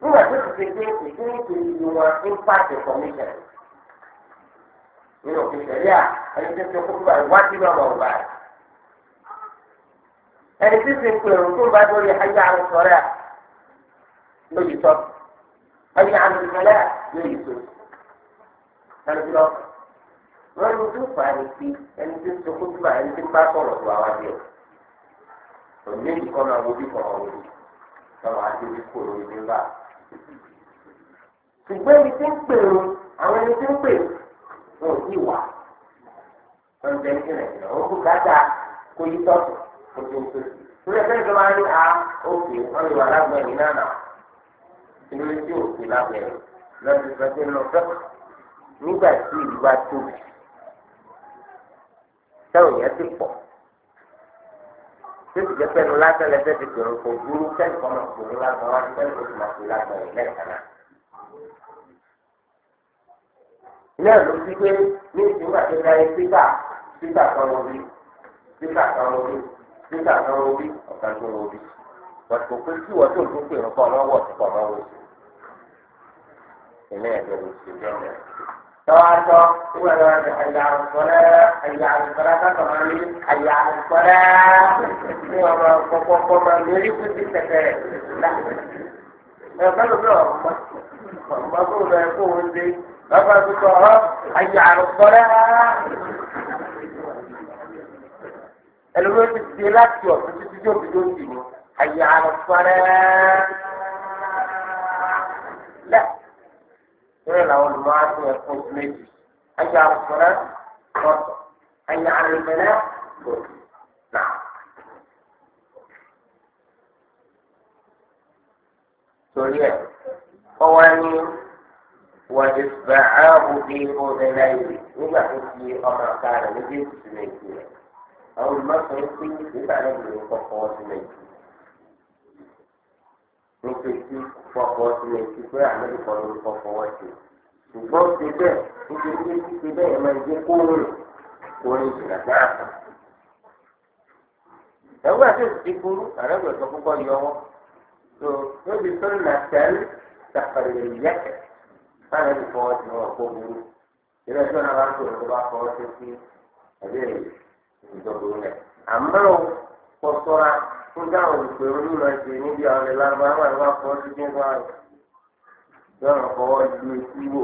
nígbà tó ti ṣe pé ìkéyìíké ìlú wọn impact information nínú òfin ṣẹlẹ̀ à ẹni tó ṣe kókó báyìí wájú náà mọ̀ ọ̀gbà rẹ̀ ẹni tó ṣe pé òun tó bá dórí ayé àrùn sọ̀rẹ́ à lóyè sọ ayé àrùn sọ̀rẹ́ à lóyè sọ ẹni tó lọ wọ́n ní tó fà á ní pé ẹni tó ṣe kókó báyìí ẹni tó bá sọ̀rọ̀ tó àwọn àjẹ́ òun méjì kọ́ máa wo bí kọ́ ọ̀rọ̀ yìí lọ́wọ́ àti orí kúrò ní bá a ṣùgbọ́n ẹni tí ń pè ó àwọn ẹni tí ń pè wọn ò sí wà wọn jẹ ní nàìjíríà wọn kú gàdá kó yí tọ́tù kó tó tó sílẹ̀ fẹ́ẹ́ tó máa ní a ah, òkè wọn lè wà lágbọ̀n yìí náà nà ìlú tí ò sí lágbọ̀n lọ́dún tí wọ́n ti ń lọ fẹ́ẹ́ nígbà tí ìlú bá tóbi táwọn èèyàn ti pọ̀ tó ti jẹ́ pẹ́ẹ́nu lásán lẹ́sẹ̀ ti pèrò kò burú kẹ́lí kan máa pèrò lásán wá ní kẹ́lí kan ti máa pèrò lásán rẹ̀ lẹ́ẹ̀kan náà. ilé ìlú ti gbé ní ìgbà tó dáyé pípà pípà kan ló rí pípà kan ló rí pípà kan ló ọ̀kan tó ló rí pé kí wọ́n tó tún pèrò kan lọ́wọ́ tó kọ̀ lọ́wọ́ sí. ilé ìlú ti gbé ọ̀rẹ́ tọ́wọ́tọ́ tí wọ́n lọ́wọ́ ní àyàwòsọ́lá àyàwòsọ́lá sọ́kàmá ní àyàwòsọ́lá ní ọmọ kọ́kọ́kọ́ máa ní oríkù sí tẹ̀tẹ̀rẹ̀ láti. ẹ̀ka ló lọ ọmọ kó lọ ẹ̀kọ́ òun dé bàbá tó tọ̀ ọ́ àyàwòsọ́lá. ẹlòmíràn ti di láti ọ̀sán títí tí òbí tó ń dì mọ́ àyàwòsọ́lá. bẹ́ẹ̀ làwọn olùmọ̀ á ti ẹ̀kọ́ oṣù méjì ayé àlùfẹ́rẹ́ lọ́tọ̀ ayé àlùfẹ́rẹ́ lọ́tọ̀ náà. torí ẹ̀ ọwọ́ ni wọ́n ti fẹ́ ààbò bí ọ̀rẹ́ náà yìí nígbà tó fi ọmọ ọ̀ka rẹ̀ méjèèjì sí méjì rẹ̀ àwọn olùmọ̀ sọ pé nígbà náà ló kọ́kọ́ sí méjì nítorí fọ̀fọ̀ tilẹ̀ ti pé àlejò kan ló fọ̀fọ̀ wọ́n ti. ṣùgbọ́n ṣe bẹ́ẹ̀ nítorí pé ṣe bẹ́ẹ̀ máa jẹ́ kó rìn kó rìn jìnnà náà fún. ẹ̀wọ́n àti òṣìṣẹ́ burú àrẹ́gbẹ̀ẹ́ sọ púpọ̀ yọ wọ́n. tó níbi tó nà tẹ́lẹ̀ sàfàlẹ̀ yẹ́kẹ̀ sáyẹn ti fọwọ́ ti wọ́n kó burú. ìrẹ́ tó náà bá ń tòrò tó bá fọwọ́ tó sí ẹ̀dẹ́ ìjọba nígbà àwọn olùpẹ̀ onímọ̀ ṣe níbi àwọn ilé lágbára wọn wá fọ́ sí bí wọ́n yọ̀rọ̀ fọwọ́ ju etí wò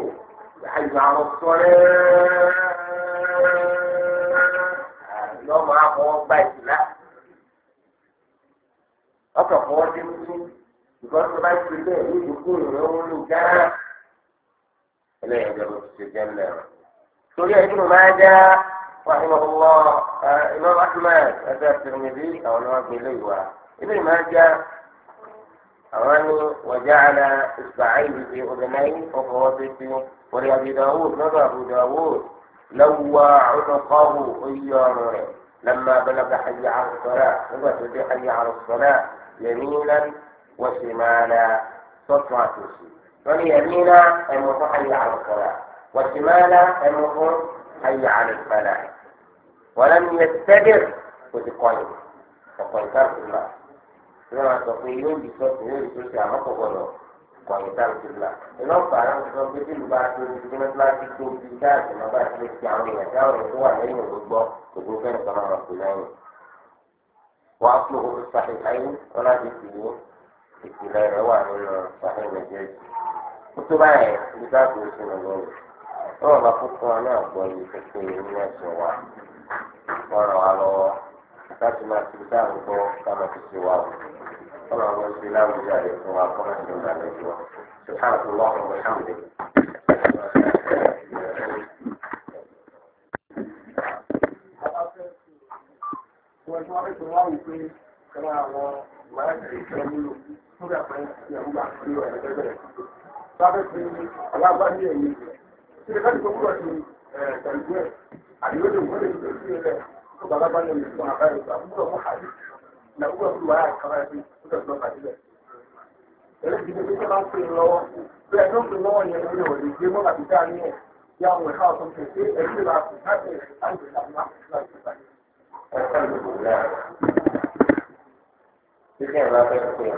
àyà ọ̀sọ́rẹ́ lọ́mọ àfọwọ́ gba ìsìlá ọkọ̀ fọwọ́ dé mú ìkọ́ni tó bá ti bẹ́ẹ̀ ní ìdókòwò ìrìn òun ló gáà ẹlẹ́yìn ìjọba ti ṣe jẹ́ ńlẹ̀ rẹ̀ torí ẹ̀ رحمه الله آه، إمام أحمد أتى الترمذي أو الإمام ابن ابن ماجه أراني وجعل إصبعيه في أذنيه وفي في ولأبي داوود نظر أبو داوود لوى عنقه إياره لما بلغ حي على الصلاة نظر في حي على الصلاة يمينا وشمالا صفعة فمن يمينا المفروض حي على الصلاة وشمالا المفروض حي على الفلاح ولم يستدر وتقيم فقيم ترك الله لما تقول يوم بصوت يوم بصوت يا مكة kọ̀yìn dáńtì la iná fàrà ń sọ pé bílù bá tó ti dé mẹ́tíláṣí tó ti dáàbì máa bá ti ti àwọn èèyàn tí àwọn èèyàn tó wà lẹ́yìn òun gbọ́ gbogbo fẹ́rẹ̀ kan máa pè lẹ́yìn. wọ́n á pè òun sàhìn ayé wọn láti fi ní ìpìlẹ̀ rẹ̀ wà nínú sàhìn méjèèjì wọn ràn wá lọ́wọ́ láti máa ti dá àwọn gbọ́ ká máa ti ṣe wá o wọn ràn wọ́n sí láwùjọ àyè fún wa kọ́ láti lọ́ọ́ lálẹ́ jù wọn. سبحانك اللهم وبحمدك Sábẹ́ ti alábàáyé ẹ̀yìn, ṣe ká ti sọ wúlọ̀ sí ẹ̀ẹ́dẹ̀gbẹ́ aliweze kuona ile baba bwana ni kwa habari za Mungu wa hadi na huwa mtu wa kama hivi kuta kwa kadile ile kitu kama kilo kwa ndio kuno ni ndio ni jambo la kitani ya mwe hao kwa kesi ile la kutaka tangu sana na kutaka alhamdulillah Sikhe la pekee.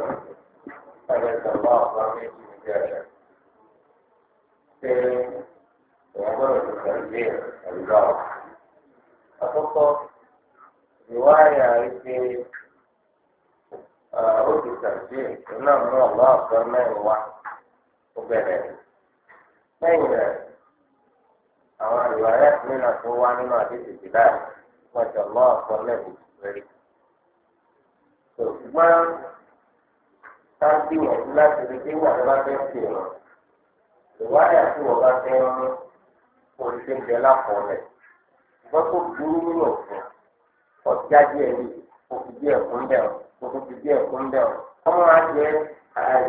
Pada Allah wa mejia. Eh, wa barakatuh al-jawab àkọ́kọ́ ìwáyà ìpè òdì tàbí ìná mọ́ ọ̀lá ọ̀gá mẹ́rin wá ó bẹ̀rẹ̀ lẹ́yìn rẹ̀ àwọn ìwáyà mìíràn tó wá nínú àdéhùn ìdílé wọ́n jọ lọ́ ọ̀gá mẹ́rin rẹ̀ ṣùgbọ́n ká gbìyànjú láti rí pé wà lọ́wọ́ fẹ́ ṣe wọn ìwáyà tí wọ́n bá fẹ́ mú kò ṣe ń bẹ lápọ̀ rẹ̀. wọ́n tó burú nínú òfin ọ̀já díẹ̀ ní òfin díẹ̀ kún bẹ́ẹ̀ o òfin díẹ̀ kún bẹ́ẹ̀ o ọmọ wa jẹ́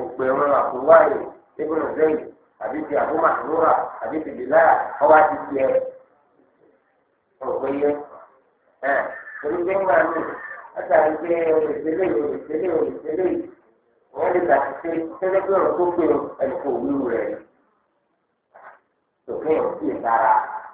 ìpè wọn àkúwáyé ibùdó zẹ́yìn àbí ti àbúmàdúrà àbí ti bìlá tiẹ̀ torí pé wọ́n lè pé tó pé ẹnìkan òwúrò rẹ̀ tòkè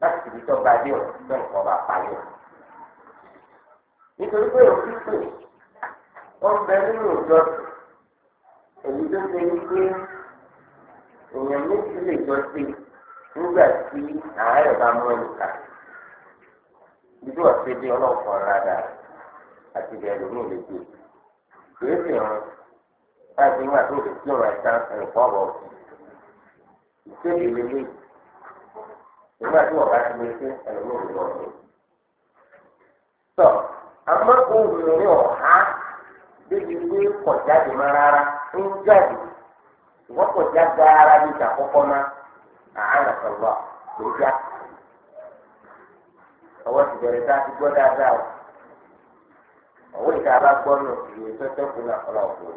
láti ibi tó dé ọ̀ tó nǹkan bá parí ọ̀. nítorí pé òfin pè wọ́n bẹ nínú ìjọ èyí tó ṣe ní pé èèyàn méjì lè jọ sí nígbà tí àárẹ̀ bá mú ẹnìkà ibi ọ̀sẹ̀ bí ọlọ́ọ̀kan rárá àti ìbẹ̀rù ní ìlẹ́gbẹ̀ẹ́ kìí sì hàn láti nígbà tó lè kí òun ẹ̀ka ẹ̀kọ́ ọ̀rọ̀ ìkéde lélẹ́yìí. nígbà tí wọn bá ti lè ṣe ẹlòmíràn lọ sí. tọ àmọ́ ohun ìrìn ọ̀há débi pé kọ̀ jáde má rárá ń ara bí ìjà kọ́kọ́ má àánà sọ̀rọ̀ ló já. ọwọ́ ti bẹ̀rẹ̀ tá a ti gbọ́ dáadáa o ọwọ́ ìta bá gbọ́ nù ìwé tẹ́tẹ́ kù náà kọ́lá ọ̀gbọ́n.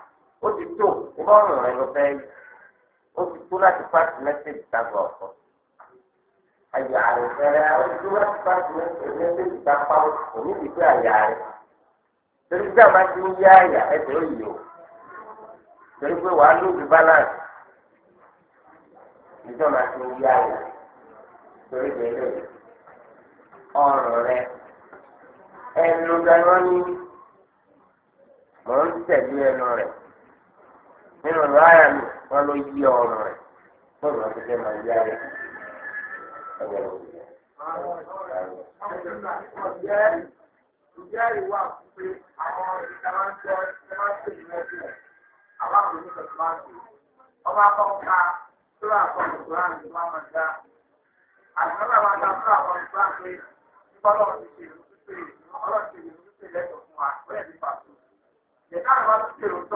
ó ti tó ìmọ̀ràn rẹ̀ ló fẹ́ ó ti tó láti pàṣẹ mẹ́sẹ̀gì tágbà ọ̀tún. àyà rẹ̀ fẹ́rẹ́ ó ti tó láti pàṣẹ mẹ́sẹ̀gì tágbà òní ti pé àyà rẹ̀. torí bí àwọn ti ń yí àyà ẹ̀sẹ̀ ó yìí o torí pé wàá lóògì balance ìjọba ti ń yí àyà torí bẹ́ẹ̀ ọ̀rọ̀ rẹ̀ ẹnu gan-an ni mò ń tẹ̀lé ẹnu rẹ̀ nínú láyà mi wọn ló yí ọrùn rẹ fún ìwà tó fẹ́ máa yá rẹ. Ǹjẹ́ ìwà pé àwọn ìdáná ń jẹ́ ẹ máa ń pè ní ẹgbẹ́ àwọn àwọn oníṣẹ́ tó máa ń pè. Ọba kọ́ka tó rà kọ́ ìgbà ní wọ́n máa dá. Àgbẹ̀ náà máa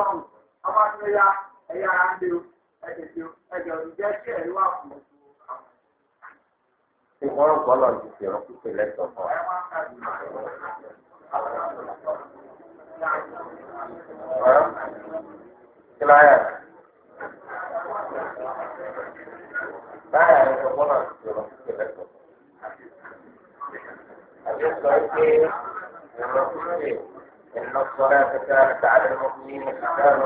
dá ẹ̀yà ẹ̀yà ara ń lo ẹ̀jẹ̀ ẹ̀jẹ̀ òjijẹ́ sí ẹ̀rí wà fún oṣù àwọn. ìwọ́n gbọ́dọ̀ ti fi ọ̀rọ̀ pípé lẹ́tọ̀ọ́ fún wa. kí láyà báyà ni ọmọ náà ti sọ̀rọ̀ sí ẹlẹ́tọ̀. àti sọ pé ẹ̀rọ kúrò ẹ̀rọ sọ̀rọ̀ ẹ̀fẹ̀tẹ̀ àti àlẹ́ ọkùnrin ní ìdáná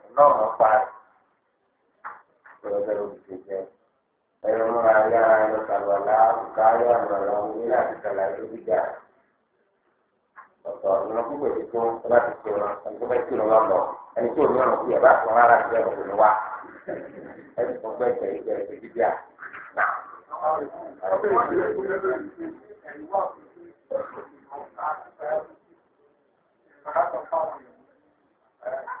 lọ́rùn parí lọ́jọ́ lóbi lo jẹ́ ẹ̀rọ múra rí ara ẹ̀rọ kàlọ́lá kárí àlọ́lá omi láti kàlàyé lórí jà ọ̀tọ̀ non púpọ̀ èyí tó ẹ bá ti ṣe wọn ẹni tó fẹ́ kí wọn lọ ẹni tó ní ọ̀nà kúrò ẹ bá tún rárá ìgbẹ́ ọ̀dọ̀ ni wá ẹni tó fẹ́ jẹ ìgbẹ́ ẹ̀ṣẹ̀ jíjà náà. Thank you.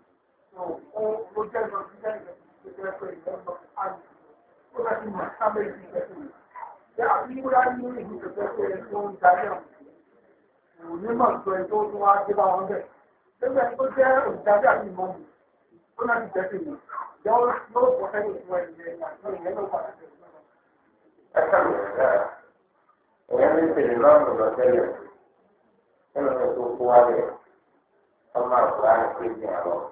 mo ọmọ àgbà ń pè ní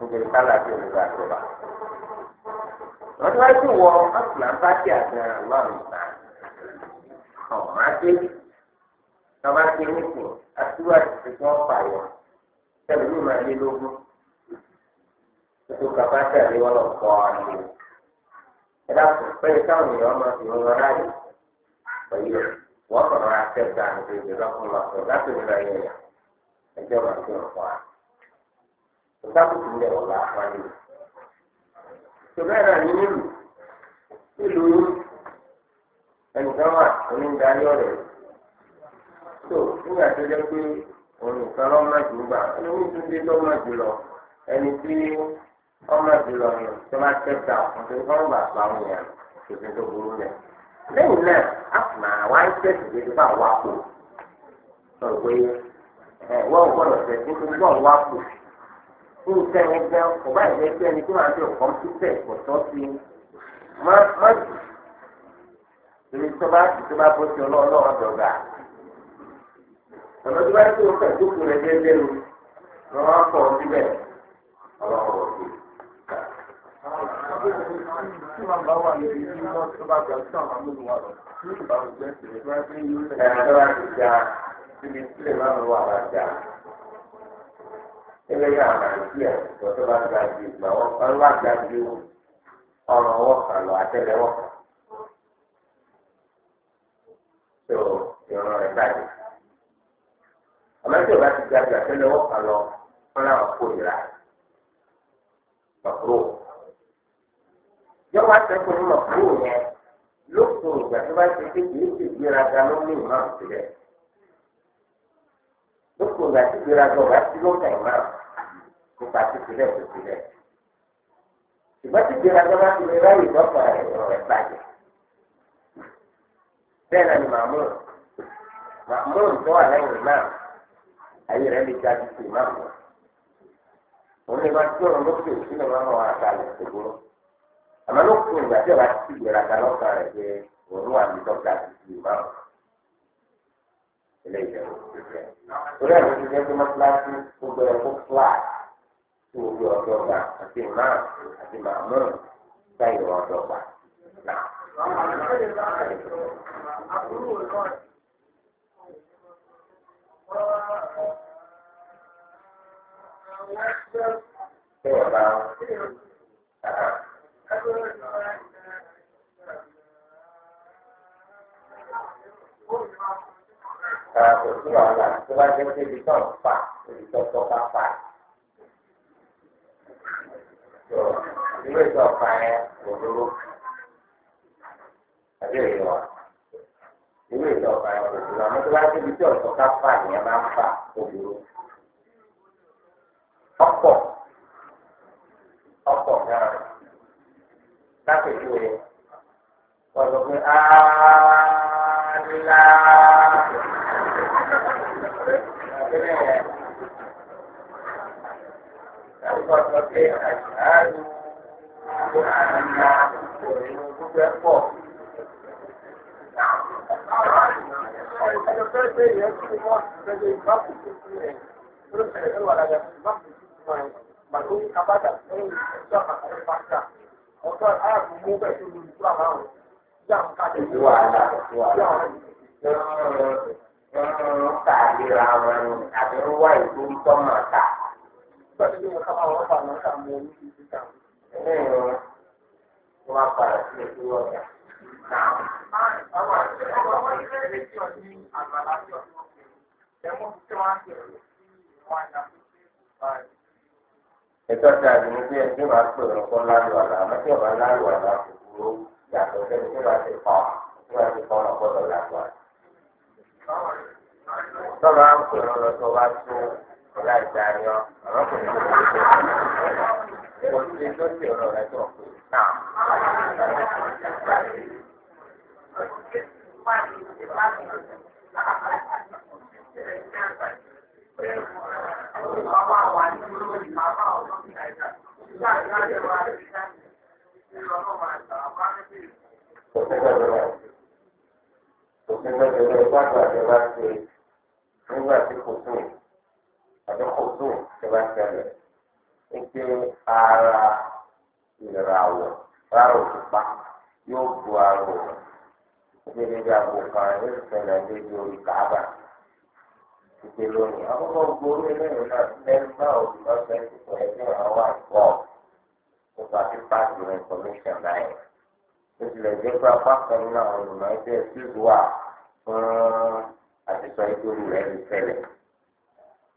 nítorí kálá tí olùgbà tó bá. wọ́n wọ ọ́sùlà ń bá tí àgbẹ̀ lọ́rùn ìgbà ọ̀hún adé lọ́ba ti ní kù aṣíwájú ti ní màá lógún. Ètò kàkà tẹ̀lé wọn lọ kọ́ ọ Ẹ dákun pẹ́yì táwọn èèyàn máa fi wọn lọ́ra yìí pẹ̀lú wọ́n sọ̀rọ̀ àtẹ̀gbà àti ìdílọ́kùnrin lọ́sọ̀rọ̀ láti ìgbà yẹn ẹjọ́ màá fi wọn kọ́ ọ. sábùkù ń lẹ̀ ọ̀la àpáyé. Ṣùgbọ́n ní nílùú nílùú ẹnìkan wà onídàárí ọ̀rẹ́. Tó nígbà tó jẹ́ pé òun nìkan lọ́ jù gbà ẹni wọ́n tún dé lọ́ máa jù lọ ẹni tí wọ́n jù lọ yẹn tó máa tẹ́ta ọ̀sẹ̀ kan wà pa àwọn tuntun tó burú lẹ̀. Lẹ́yìn náà, a kò máa wá ṣẹ̀ṣì gbé nípa àwọn àpò. Sọ̀rọ̀ pé ẹ̀ wọ́n gbọ́dọ̀ tẹ̀sí nítorí wọ́n wá nǹkan yẹn gan kò bá ìjẹ́ pé ẹni tó máa ń bẹ̀ kọ́mpútẹ̀ kò tọ́ sí i má má jù èmi tó bá jù tó bá bó ti ọlọ́ọ̀ náà dọ̀gà ọ̀nà tó bá tó kẹ̀ tó kù rẹ̀ déédéé lu ni wọ́n kọ̀ ọ́ síbẹ̀ ọlọ́wọ́ òkè. Ẹ̀rọ tó bá ti já, ibi tí lè má lọ wà lájà ẹgbẹ́ yà wà sí ẹ̀ lọ́tọ́ bá gba ju ìgbà wọn bá wà gba ju ọrùn ọwọ́ kan lọ àtẹ́lẹwọ́ kan. tó ìran rẹ̀ báyìí. àmọ́ tí o bá ti gba ju àtẹ́lẹwọ́ kan lọ wọn làwọn kó ìlà mọ̀kúrò. yọ̀wá sẹ́kùn ní mọ̀kúrò yẹn lókun ìgbà tó bá ti kékeré ti gbéraga ló ní ìmáà sílẹ̀ lókun ìgbà tí gbéraga ọ̀gá sí ló kàn ìmáà nípa títílẹ̀ títílẹ̀. ṣùgbọ́n tí ìgbéraga bá ti lè ráyè lọ́pọ̀ rẹ̀ ọ̀rọ̀ rẹ̀ bàjẹ́. bẹ́ẹ̀ náà ni mahmood mahmood tó wà lẹ́yìn náà ayé rẹ̀ lè jáde sí ìmáàmù. òun ni wọ́n ti tó ọ̀run lókè òsì náà máa wà àtàlẹ̀ ìṣòro. àmọ́ ló kún ìgbà tí ọba ti ìgbéraga lọ́pọ̀ rẹ̀ jẹ́ òun wà ní dọ́gba ti jẹ́ torí àwọn ìjẹun ti mọ́ kíláàsì tí o fi ọjọ́ gbà àti máa àti màmú báyìí lọ́wọ́ ọjọ́ gbà. Ṣé Kò sí wàhálà tó bá jẹ́ pé ibi tó ń fà, ibi tó tọ́ bá fà tó ilé ìtọ́ka yẹn kò dúró àbí èyí wa ilé ìtọ́ka yẹn kò dúró àmọ́ tó bá débi tí ọ̀tọ́ka fà yẹn máa ń fà kò dúró ọ̀pọ̀ ọ̀pọ̀ gan-an lápẹ̀jú rẹ̀ wọ́n sọ pé áá ẹ̀kọ́ sọ pé àṣàlù àṣà òyìnbó gbígbẹ́ pọ̀. Wàhálà, ń tàbí ra wọn àbí ń wá ìgbóríkọ́ máa ta pàtàkì tí wọn ní bí ẹni tí wàá pè ọ̀pọ̀ lálù àlà àmọ́ tí ọ̀bá lálù àlà kò dúró yàtọ̀ sẹ́ni tí wàá ti pa tí wàá ti pa ọ̀pọ̀lọ̀ làgbà. tọ́lá ń pè ọ́ lọ́sọ̀ wá tó ọ̀la Òṣèlú ọ̀dọ́ ìgbàgbọ́ àjọba ṣe nígbà tí kò tó àbí kò tó ṣe bá ṣẹlẹ̀ ń pé ara ìràwọ̀ rárá òṣùpá yóò bu ara òun ìpele bí aago kan yóò ṣẹlẹ̀ lébi orí kàába ìpè lónìí àkọ́kọ́ gbogbo orí ẹlẹ́yìn náà lẹ́gbà olùdókòwò ìpò ẹgbẹ́ àwọn àgbọ̀ nípa pípa ìrìn information báyìí ó ti lè jẹ́ pé apá kan nínú àwọn olùmọ̀ wà fún àtisọ́ ìdórí rẹ̀ ń ṣẹlẹ̀.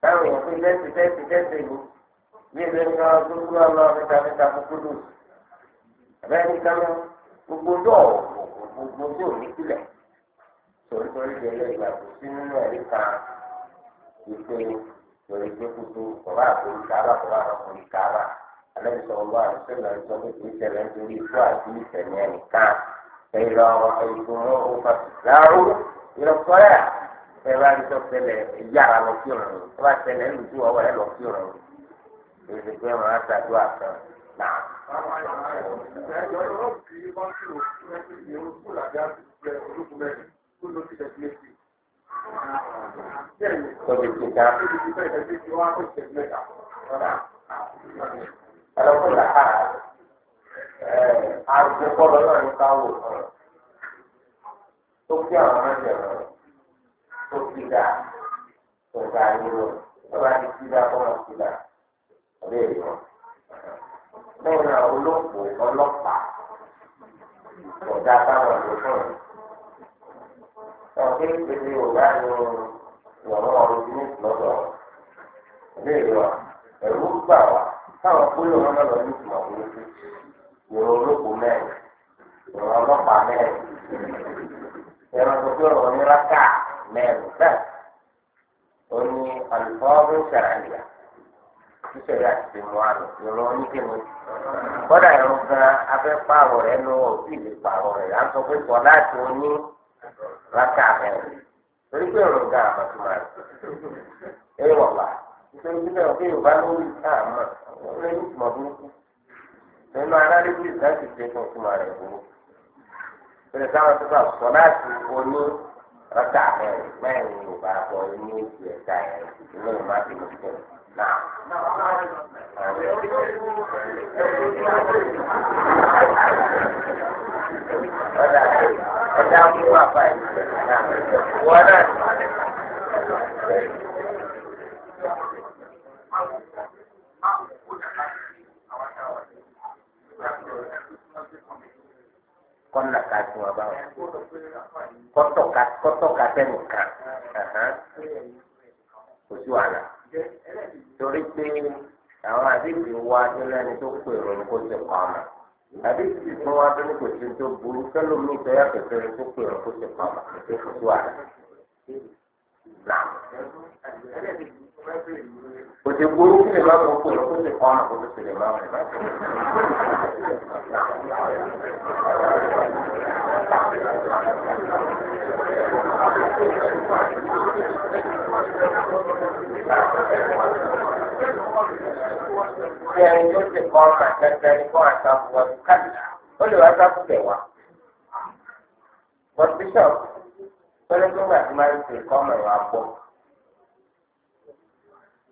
táwọn èèyàn pé lẹ́sì lẹ́sì lẹ́sì ìlú bí ẹgbẹ́ ní wọn tó kúrò ọmọ mẹ́ta mẹ́ta kúkú lù abẹ́rẹ́ nìkan lọ gbogbo tó gbogbo tó ní kílẹ̀ torí torí ìdẹ́lẹ̀ ìgbà tó sí nínú ẹ̀rí kan ìpè torí pé kútu ọba àkórí kára ọba àkórí kára alẹ́ sọ̀rọ̀ bá àdúgbò náà sọ pé kì nítorí ikú àti ìṣẹ̀lẹ̀ nìkan ẹ̀rọ ìgbòho òfàṣìláàrú ìrọ̀kọ́yà ẹ bá rí sọ́sẹ̀lẹ̀ ìyára lọ sí ọ̀rọ̀ yìí ẹ bá sẹlẹ̀ ẹ̀ lùtú ọwọ́ ẹ lọ sí ọ̀rọ̀ yìí èdè pé wọn á ṣàdó àkàn náà. Tóbi ti ká. Ẹlọ́kùnrin àká àrùn ní ká wò. Tó kí àwọn ọmọ ẹ̀jẹ̀ rẹ̀ tó ti dà tó ga yúrò tó bá ti ti dà fún ọtí dà ọbẹ̀ yìí wọn. lẹ́yìn náà olóòpó ọlọ́pàá ọ̀dà táwọn ọ̀dọ́ fún un. ọ̀gbìn ìpèsè ọ̀gá ni ìwọ̀n ọ̀rọ̀ ti ní ìtìlọ́dọ̀ ọbẹ̀ yìí wọn. ẹ̀rú gbà wá táwọn kúlò wọn lọ ní ìtumọ̀ òun ti ìrọ̀ olóòpó mẹ́rin ìrọ̀ ọlọ́pàá mẹ́rin ìrọ̀ ọ̀dọ́ fún ọ̀rọ̀ ní rákà. mẹ́ta ó ní alùpàbù sàrànìyà sísèlè àti mú àná ìrọ̀ oníkèmí kọ́dà ìrọ̀ gan afẹ́ pààrọ̀ rẹ̀ ló òbí lè pààrọ̀ rẹ̀ à ń sọ pé kọ́ láti oní rákà mẹ́rin torí pé ìrọ̀ gan yorùbá lórí àmọ́ ní burúkú nínú rẹ̀ rákà mẹ́rin mẹ́rin ò bá bọ̀ ní oṣù ẹ̀ka ẹ̀ ìlú ìmọ̀ àti mùsùlùm náà. ọ̀dà ọ̀dà mú àbáyé náà wọ́n náà. kọ́nà ká tí wọ́n bá wọn kọ́tọ̀ka kọ́tọ̀ka tẹ̀lé kan kò sí wàhálà torí pé àwọn àdéhùn wa nínú ẹni tó pè ronú kó ti kọ́ ọmọ àdéhùn sì tún wá tó ní kò sí tó burú kẹ́lò mi tó yà pẹ̀lú ẹni tó pè ronú kó ti kọ́ ọmọ kò sí wàhálà kò ti burú kí lè bá wọn kó lọ kó sì kọ́ ọ̀nà kó tó sì lè bá wọn ìbá tó. Ṣé ẹni tó ti kọ́ ọ̀nà kẹ́kẹ́ ni kó àtàkùn wọn kàdà? Ó lè wá sáfù bẹ̀ wá. Bọ́sibíṣọ̀ pẹ́lú tó gbà tí máa ń ṣe kọ́ ọ̀nà ìwà pọ̀.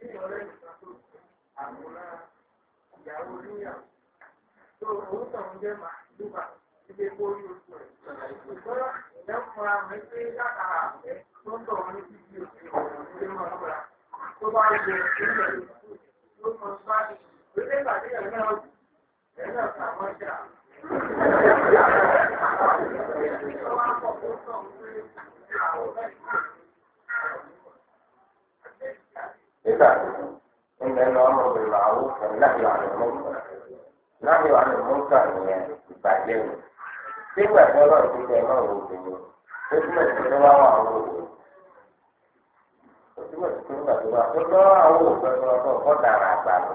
tí ọ̀rẹ́ nìkan tó àwòrán ìyàwó oníyàwó tó òun tàn jẹ́ màdúbà ilé borí oṣù rẹ̀. ṣùgbọ́n ìyẹn fúnra mi pé látara àbẹ́ tó ń tọ̀wọ́ ní títí òsì ọ̀rọ̀ nílé máa múra tó bá ń jẹ ìpínlẹ̀ ló mọ bá ní ìgbélé ìpàdé ẹ̀ náà ẹ̀ náà kà mọ́ jà. Thank you. إذا إن الأمر بالمعروف والنهي عن المنكر نهي عن المنكر يعني بعدين nígbà tí wọn ti tẹ náà wò ó ó túmọ̀ sí pé wọ́n wà wò ó ó túmọ̀ sí pé nígbà tí wọ́n tó tọ́ àwọn òògùn ẹ̀rọ ọ̀tọ̀ ọ̀kọ́ dára àgbà lọ.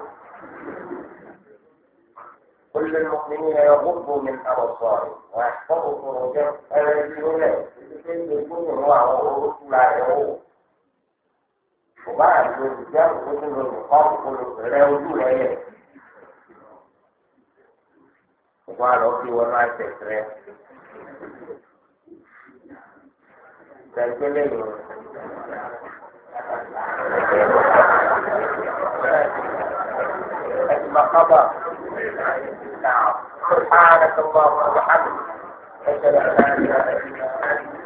كل المؤمنين يغضوا من أبصارهم ويحفظوا فروجهم الذي يولد يكون هو عوره لا يعوه ومع الالتزام كل النقاط كل لا وجود إليه ومع العقل ومع التسريح تلتزم ما قضى نعم سبحانك اللهم وبحمدك أشهد أن لا إله إلا أنت